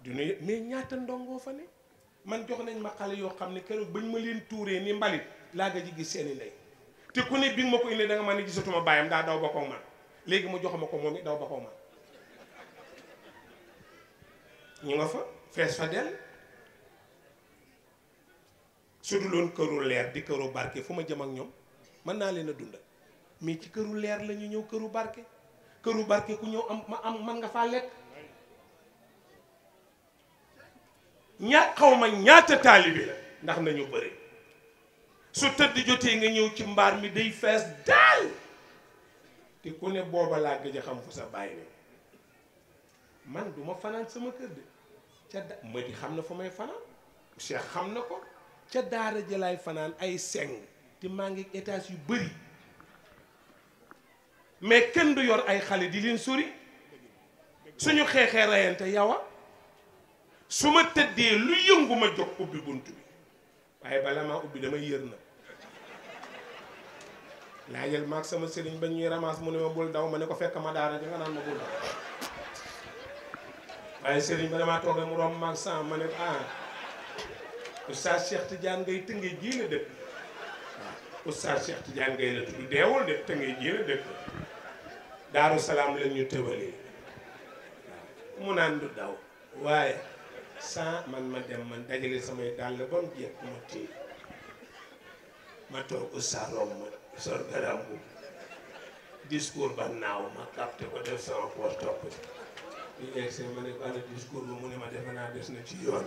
du ñu mais ñaata ndongoo fa ne man jox nañ ma xale yoo xam ne kër bañ ma leen tuuree ni mbalit laa nga ji gis seeni ndey te ku ne bi ma ko indee danga nga ma ne gisatuma bàyyam daa daw bokkoog man léegi mu jox ma ko moom it daw bokkoog man nga fa fees fa su duloon këru leer di këru barke fu ma jëm ak ñoom mën naa leen a dundal mais ci këru leer la ñu ñëw këru barke këru barke ku ñëw am ma am man nga faa lekk ñaa xaw ma ñaata taalibe la ndax nañu bari su tëdd jotee nga ñëw ci mbaar mi day fees daal te ku ne booba laa gëj a xam fu sa bàyyi man duma fanaan sama kër de ca da xam na fu may fanaan Cheikh xam na ko ca daara ja laay fanaan ay seng te maa ngi étage yu bëri mais kenn du yor ay xale di leen sori suñu xeexee rayante yawa su ma tëddee lu yëngu ma jox ubbi bunt bi waaye bala maa ubbi damay yër na laajal maag sama sëriñ ba ñuy ramasse mu ne ma bul daw ma ne ko fekk ma daara ja nga naan ma bul daw waaye sëriñ ba damaa toog mu romb maag sama ma ne ko ah oustaz Cheikh Tidiane ngay tëngee jii la dëkk waaw ah, oustaz Cheikh ngay la tudd deewul de tëngee jii la dëkk daaru salaam tëbalee ah, mu naan du daw waaye. sans man ma dem man dajale samay dàll ba jekk ma téye ma toog Oustaz Rom ma bu discours ba naaw ma capté ko def sama poche topp bi ñu egg ma ne ko ana discours mu ne ma defe naa des na ci yoon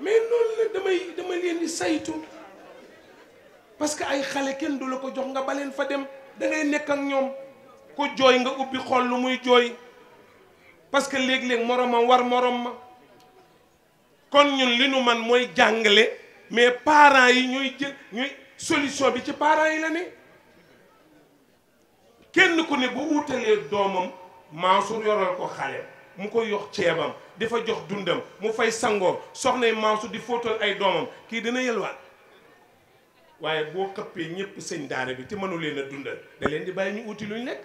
mais noonu la damay dama leen di saytu parce que ay xale kenn du la ko jox nga baleen fa dem da nekk ak ñoom. ko jooy nga ubbi xool lu muy jooy parce que léeg-léeg moromam war morom ma kon ñun li nu man mooy jàngale mais parents yi ñuy jël ñuy solution bi ci parents yi la ne kenn ku ne bu wuutalee doomam Mansour yoral ko xale mu ko yox ceebam di jox dundam mu fay sangoom soxna Mansour di fóotal ay doomam kii dina yelwaat waaye boo xëppee ñëpp seen daara bi te mënu leen a dundal da leen di bàyyi ñu wuti luñ lekk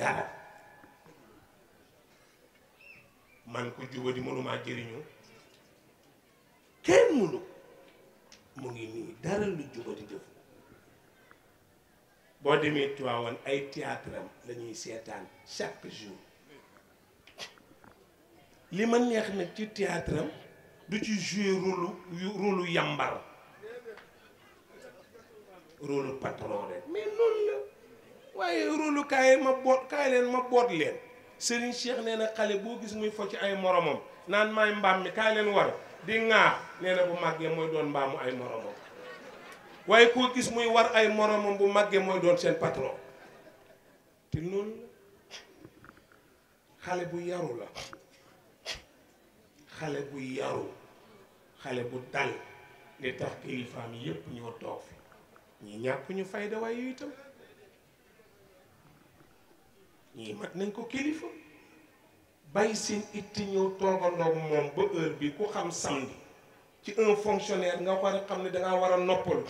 dara man ko jubadi mënumaa jëriñu kenn mënu mu ngi nii dara lu jubadi def boo demee Tiwaawan ay théâtre am la seetaan chaque jour li ma neex nag ci théâtre am du ci jouer rôle rôle yambar rôle patron waaye róolu kaay ma boot kaay leen ma boot leen Serigne Cheikh nee xale boo gis muy fo ci ay moromam naan maay mbaam mi kaay leen war di ŋaa nee bu màggee mooy doon mbaamu ay moromam waaye koo gis muy war ay moromam bu màggee mooy doon seen patron te loolu xale bu yaru la xale bu yaru xale bu dal li tax kilifaam yépp ñoo toog fi ñi ñàkk ñu fayda waaye yu itam ñii mat nañ ko kilifa bàyyi seen itti ñëw toogandoog moom ba heure bi ku xam samedi ci un fonctionnaire nga war a xam ne dangaa war a noppalu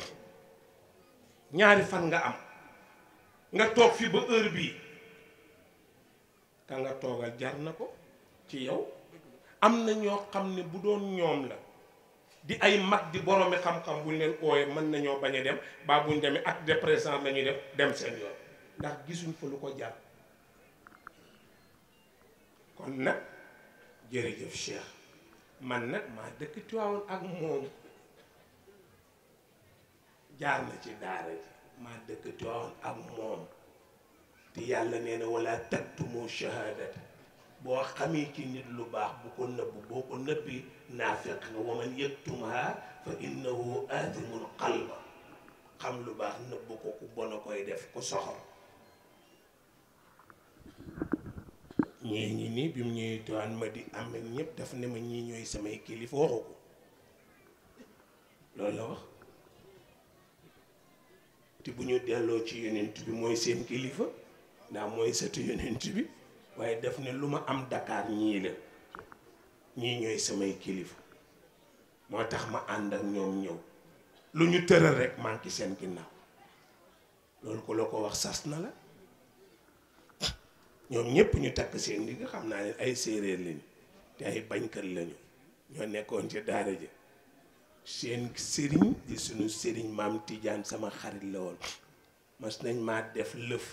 ñaari fan nga am nga toog fi ba heure bi ka nga toogal jar na ko ci yow am na ñoo xam ne bu doon ñoom la di ay mag di boroomi xam-xam buñ leen ooyee mën nañoo bañ a dem baa buñ demee at de présent la ñuy def dem seen yoon ndax gisuñ fa lu ko jar kon nag jërëjëf Cheikh man nag maa dëkk Tiwaawoon ak moom jaar na ci daara ji maa dëkk Tiwaawoon ak moom te yàlla nee na wala taktumu shahadata boo xamee ci nit lu baax bu ko nëbb boo ko nëbbi naafiq nga wa man yaktumha fa innahu athimul qalba xam lu baax nëbb ko ku bon a koy def ku soxor ñii ngi nii bi mu ñëwee Tiwaawan ma di am ñëpp daf ne ma ñii ñooy samay kilifa waxu ko loolu la wax te bu ñu delloo ci yonent bi mooy seen kilifa ndax mooy sëtu yonent bi waaye def ne lu ma am Dakar ñii la ñii ñooy samay kilifa moo tax ma ànd ak ñoom ñëw lu ñu tëral rek maa ngi seen ginnaaw loolu ko la ko wax sas na la ñoom ñëpp ñu takk seen ndigg xam naa ne ay séeréer lañu te ay bañkat lañu ñoo nekkoon ci daara ji seen sëriñ di suñu sériñ maam Tijaan sama xarit la woon mas nañ ma def lëf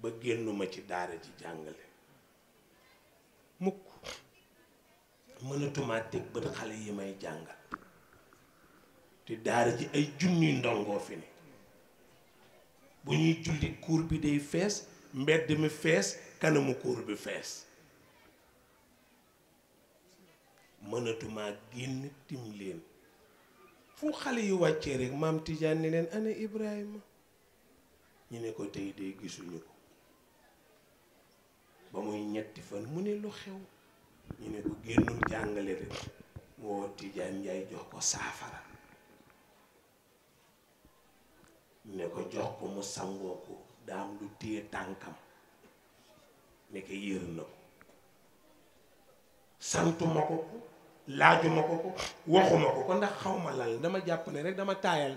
ba génnuma ci daara ji jàngale mukk mënatuma teg bët xale yi may jàngal te daara ji ay junni ndongoo fi ne bu ñuy julli cour bi day fees mbedd mi fees kanamu kuur bi fees mënatumaa génn tim leen fu xale yi wàccee rek maam Tijaan ni leen ana Ibrahima ñu ne ko tey de gisuñu ko ba muy ñetti fan mu ne lu xew ñu ne ko génnul jàngale de moo Tijaan Njaay jox ko saafara ñu ne ko jox ko mu sangoo ko daa am lu téye tànkam nekk yër na ko santuma ko ko laajuma ko ko waxuma ko ko ndax xawma lan dama jàpp ne rek dama taayal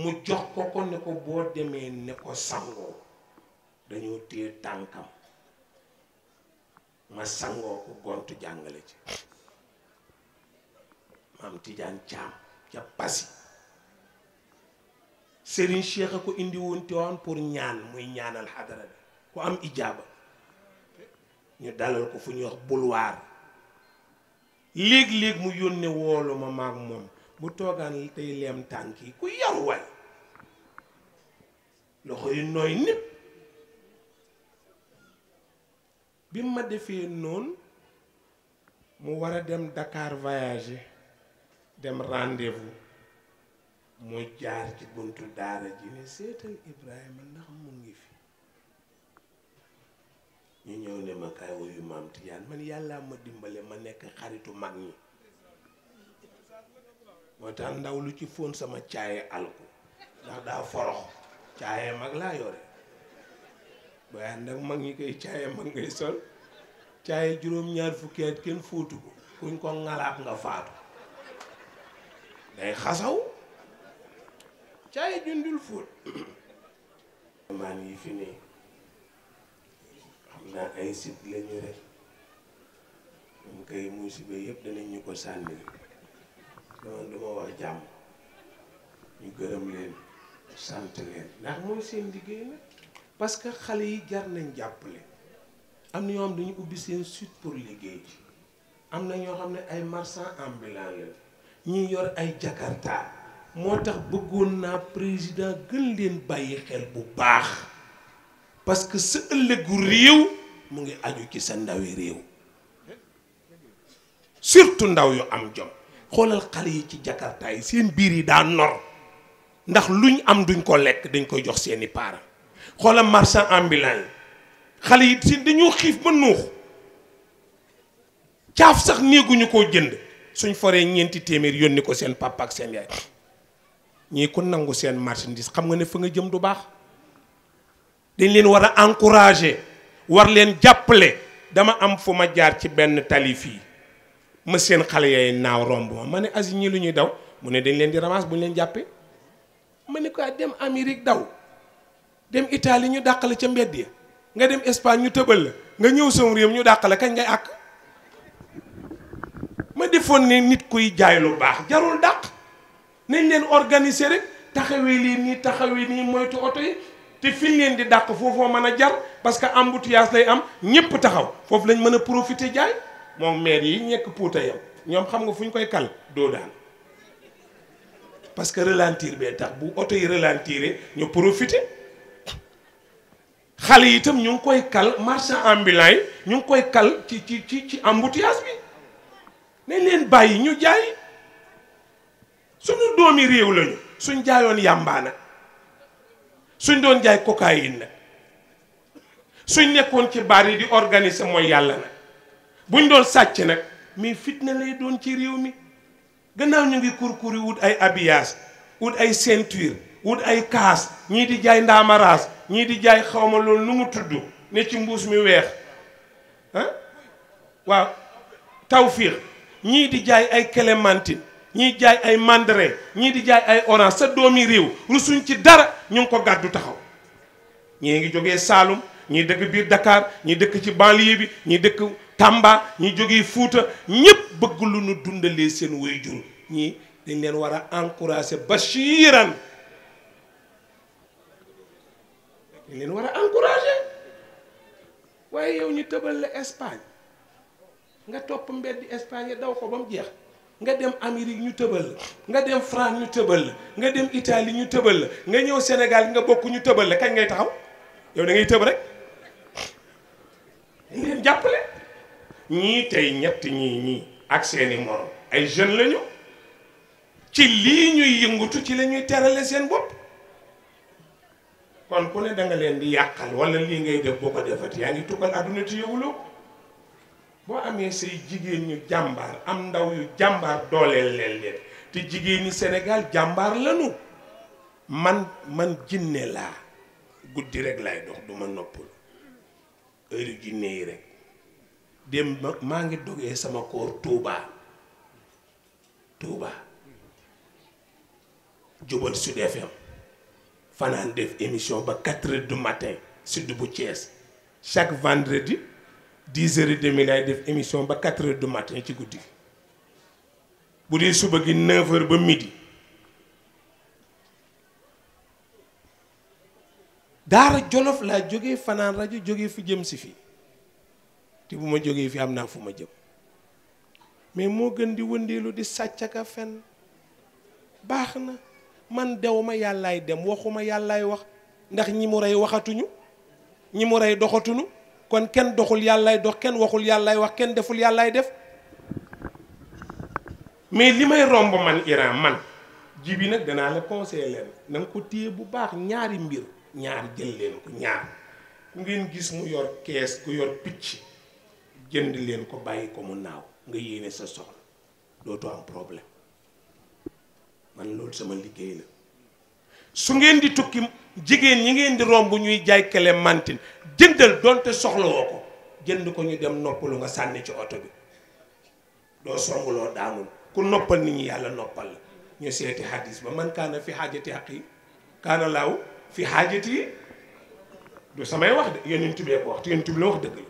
mu jox ko ko ne ko boo demee ne ko sangoo dañoo téye tànkam ma sangoo ko gontu jàngale ci maam Tijaan Caam ca Passy Serigne Cheikh a ko indi woon pour ñaan muy ñaanal xadara bi ku am ijaaba ñu dalal ko fu ñuy wax boulevard léeg-léeg mu yónne woolu ma maag moom bu toogaan tey leem tànk yi ku yaru loxo yu nooy nit bi ma defee noon mu war a dem Dakar voyager dem rendez-vous mu jaar ci buntu daara ji ne seetal Ibrahima ndax mu ngi fi ñu ñëw ne ma kaay wuyu maam Tijaan man yàllaa ma dimbale ma nekk xaritu mag ñi moo tax ndaw lu ci foon sama caaye alku ndax daa forox caaye mag laa yore waaye nag mag ñi koy caaye mag ngay sol caaye juróom-ñaar fukki at kenn fóotu ko kuñ ko ngalaab nga faatu day xasaw caay jundul fóot maan yi fi ne xam naa ay sit lañu rek ñun kay musiba yëpp danañ ñu ko sànnil man duma wax jàmm ñu gërëm leen sant leen ndax mooy seen liggéey nag parce que xale yi jar nañ jàppale am na ñoo xam dañu ubbi liggéey am na ñoo xam ne ay marsan ambulant la ñuy yor ay jakarta motax tax bëggoon naa président gën leen bàyyi xel bu baax parce que sa ëllëgu réew mu ngi aju ci sa ndawi réew surtout ndaw yu am jom xolal yi ci jakarta yi seen biir yi da nor ndax luñ am duñ ko lek dañ koy jox seeni para xolal marchand ambulant yi xale yi si dañu xif ba nuux caaf sax neeguñu ko jënd suñ foré ñenti témir ko seen papa ak seen yaay ñi ku nangu seen marchandise xam nga ne fa nga jëm du baax dañ leen war a encouragé war leen jàppale dama am fu ma jaar ci benn tali fii ma seen xale yay naaw romb ma ma ne asi ñi lu ñuy daw mu ne dañ leen di ramas bu ñu leen jàppee ma ne ko ah, dem Amérique daw dem Italie ñu dàqale ca mbedd ya nga dem Espagne ñu tëbal la nga ñëw sam réew ñu dàqale kañ ngay ak ma defoon ne nit kuy jaay lu baax jarul dàq nañ leen organiser rek taxawee lii nii taxawee nii moytu oto yi te fiñ leen di dàq foofoo mën a jar parce que embouteillage lay am ñëpp taxaw foofu lañ mën a profiter jaay moom maire yi ñekk puuta yow ñoom xam nga fu ñu koy kal doo daan parce que ralentir bee tax bu oto yi ralentiré ñu profiter xale yi itam ñu ngi koy kal marchand ambulant yi ñu ngi koy kal ci ci ci ci embouteillage bi nañ leen bàyyi ñu jaay. suñu doomi réew lañu suñ jaayoon yàmbaana suñ doon jaay cocaïne nag suñ nekkoon ci baar yi di organiser mooy yàlla nag buñ doon sàcc nag mais fitna lay doon ci réew mi gannaaw ñu ngi kur kurkuri wut ay abiyaas wut ay ceinture wut ay kaas ñii di jaay ndaamaraas ñii di jaay xawma loolu nu mu tudd ne ci mbuus mi weex ah waaw tawfiix ñii di jaay ay clémentine ñiy jaay ay mandare ñii di jaay ay orange sa doomi réew rusuñ ci dara ñu ngi ko gàddu taxaw ñi ngi jógee Saalum ñii dëkk biir dakaar ñi dëkk ci banlieue bi ñii dëkk Tamba ñii jógee Fuuta ñëpp bëgg lu nu dundalee seen waajur ñii dañ leen war a encourager bashiran dañ leen war a encourager waaye yow ñu tëbal la Espagne nga topp mbedd Espagne daw ko ba mu jeex nga dem Amérique ñu tëbal la nga dem France ñu tëbal la nga dem Italie ñu tëbal la nga ñëw Sénégal nga bokk ñu tëbal la kañ ngay taxaw yow dangay tëb rek dañ leen jàppale ñii tey ñett ñii ñii ak seeni morom ay jeune lañu ci lii ñuy yëngutu ci la ñuy terale seen bopp kon ku ne da leen di yàqal wala lii ngay def boo ko defati yaa ngi tukkal àdduna ci boo amee say jigéen ñu jàmbaar am ndaw yu jàmbar dooleel leen leen te jigéen Sénégal jàmbaar lanu man man jinne laa guddi rek lay dox duma noppul heure jinne yi rek dem maa ngi dogee sama koor Touba Touba jubal Sud FM fanaan def émission ba quatre heures du matin sud bu Thiès dix heures de demi laay def émission ba quatre heures du matin ci guddi bu dee suba gi neuf ba midi daara jolof laa jóge fanaan rajo jógee fi jëm si fii te bu ma jógee fi am naa fu ma jëm mais moo gën di wëndeelu di sàcc ak fen baax na man dew ma yàllaay dem waxuma yàllaay wax ndax ñi mu rey waxatuñu ñi mu rey doxatuñu kon kenn doxul yàllaay dox kenn waxul yàllaay wax kenn deful yàllaay def mais li may romb man Iran man ji bi nag danaa la conseiller leen na ko téye bu baax ñaari mbir ñaar jël leen ko ñaar ku ngeen gis mu yor kees ku yor picc jënd leen ko bàyyi ko mu naaw nga yéene sa soxla dootu am problème man loolu sama liggéey la su ngeen di tukki jigéen ñi ngeen di romb ñuy jaay kele mantine jëndal donte soxlawoo ko jënd ko ñu dem noppalu nga sànni ci oto bi doo songuloo daanul ku noppal nit ñi yàlla noppal la ñu seeti hadis ba man kaana fi xaajati haqi kaana laaw fi xaajati du samay wax de yonent bi ko wax te yonent bi la wax dëgg la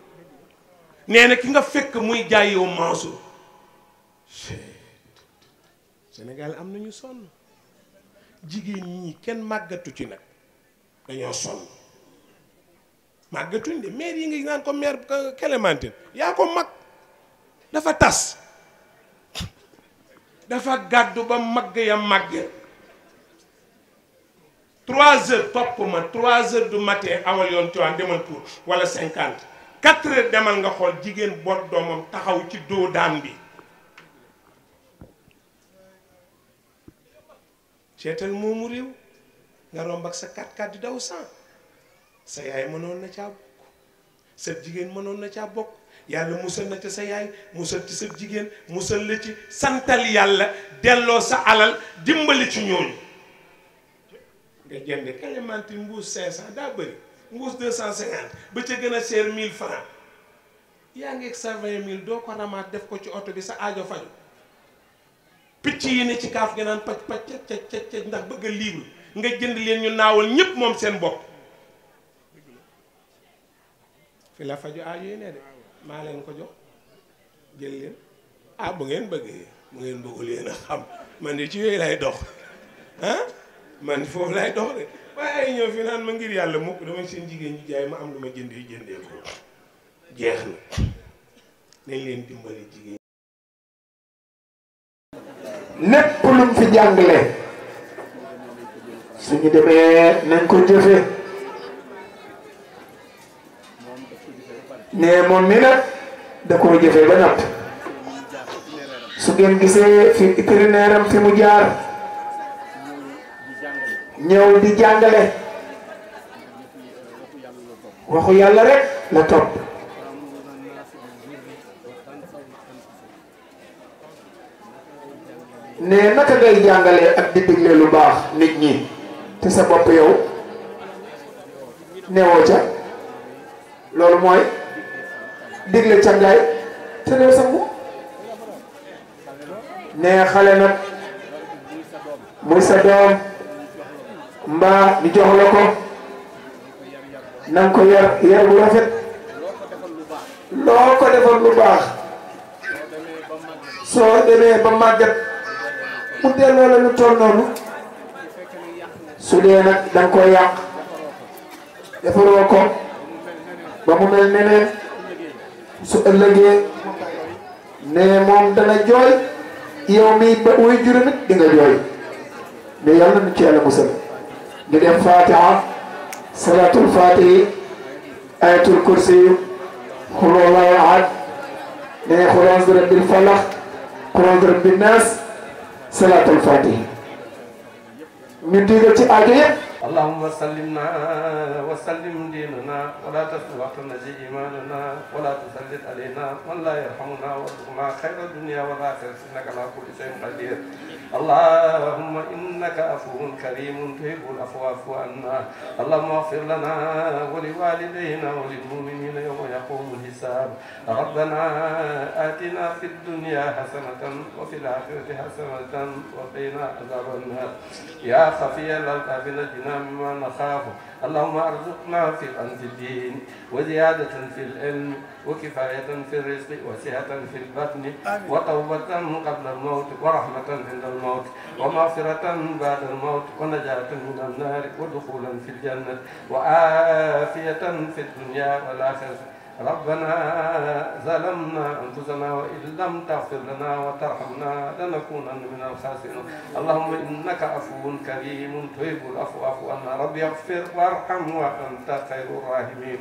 nee na ki nga fekk muy jaay yow Mansour Sénégal am nañu sonn jigéen ñi kenn màggatu ci nag dañoo sonn màggatuñ de maire yi nga naan ko maire Clémentine yaa ko mag dafa tas dafa gàddu ba màgg ya màgg trois heures topp ma trois heures du matin awal yoon Tiwaawan demal pour wala cinquante quatre heures demal nga xool jigéen boot doomam taxaw ci doo daan bi seetal moomu réew nga romb ak sa 4 x di daw 100 sa yaay mënoon na caa bokk sa jigéen mënoon na caa bokk yàlla musal na ca sa yaay musal ci sa jigéen musal la ci santal yàlla delloo sa alal dimbali ci ñooñu nga jënd kalimanti mbuus 500 daa bëri mbuus 250 ba ca gën a seer 1000 francs yaa ngi ak sa 20000 doo ko ramaat def ko ci oto bi sa aajo faju picc yi ne ci kaaf gi naan paj paj ca ca ca ndax bëgg a libre nga jënd leen ñu naawal ñépp moom seen bopp fi la faju aajo ne de maa leen ko jox jël leen ah bu ngeen bëggee bu ngeen bëggul yéen a xam man de ci yooyu lay dox ah man foofu lay dox de waaye ñëw fi ma ngir yàlla mukk damay seen jigéen ñi jaay ma am lu ma yu jëndee ko jeex na nañ leen dimbali jigéen
ñi. lépp lu mu fi suñu demee nañ ko jëfee ne moom mi nag da koo jëfee ba natt su ngeen gisee fi itinéraire fi mu jaar ñëw di jàngale waxu yàlla rek la topp ne naka ngay jàngale ak di digle lu baax nit ñi te sa bopp yow newoo ca loolu mooy digle cangaay te new sangu nee xale nag muy sa doom mbaa ñu jox la ko na nga ko yar yar bu rafet loo ko defal lu baax soo demee ba màggat mu delloo la lu toll noonu su dee nag koy yàq defaroo ko ba mu mel neneen su ëllëgee ne moom dana jooy yow mii ba wuy juróom it di jooy ne yàlla nu ci yàlla musal di dem fatiha salatul fatihi ayatul kursi xul wallaahu ahad ne xul auzu bi rabbil falaq xul auzu bi rabbil naas ñu digal ci aajo
yëpp اللهم سلمنا وسلم ديننا ولا تسلم تنزي ايماننا ولا تسلط علينا من لا يرحمنا وارزقنا خير الدنيا والاخره انك على كل شيء قدير اللهم انك عفو كريم تهب العفو عفو عنا اللهم اغفر لنا ولوالدينا وللمؤمنين يوم يقوم الحساب ربنا اتنا في الدنيا حسنه وفي الاخره حسنه وقنا عذاب النار يا خفي الالقاب نجنا وأجرنا مما نخافه اللهم ارزقنا في في الدين وزيادة في العلم وكفاية في الرزق وسعة في البطن وتوبة قبل الموت ورحمة عند الموت ومغفرة بعد الموت ونجاة من النار ودخولا في الجنة وعافية في الدنيا والآخرة ربنا ظلمنا أنفسنا وإن لم تغفر لنا وترحمنا لنكونن من الخاسرين اللهم إنك عفو كريم تهيب العفو عفوا ربي رب وارحم وأنت خير الراحمين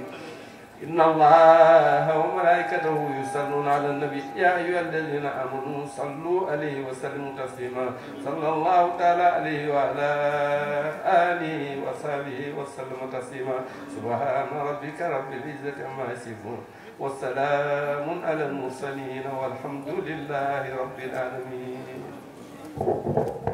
إن الله وملائكته يصلون على النبي يا أيها الذين آمنوا صلوا عليه وسلموا تسليما صلى الله تعالى عليه وعلى آله وصحبه وسلم تسليما سبحان ربك رب العزة عما يصفون والسلام على المرسلين والحمد لله رب العالمين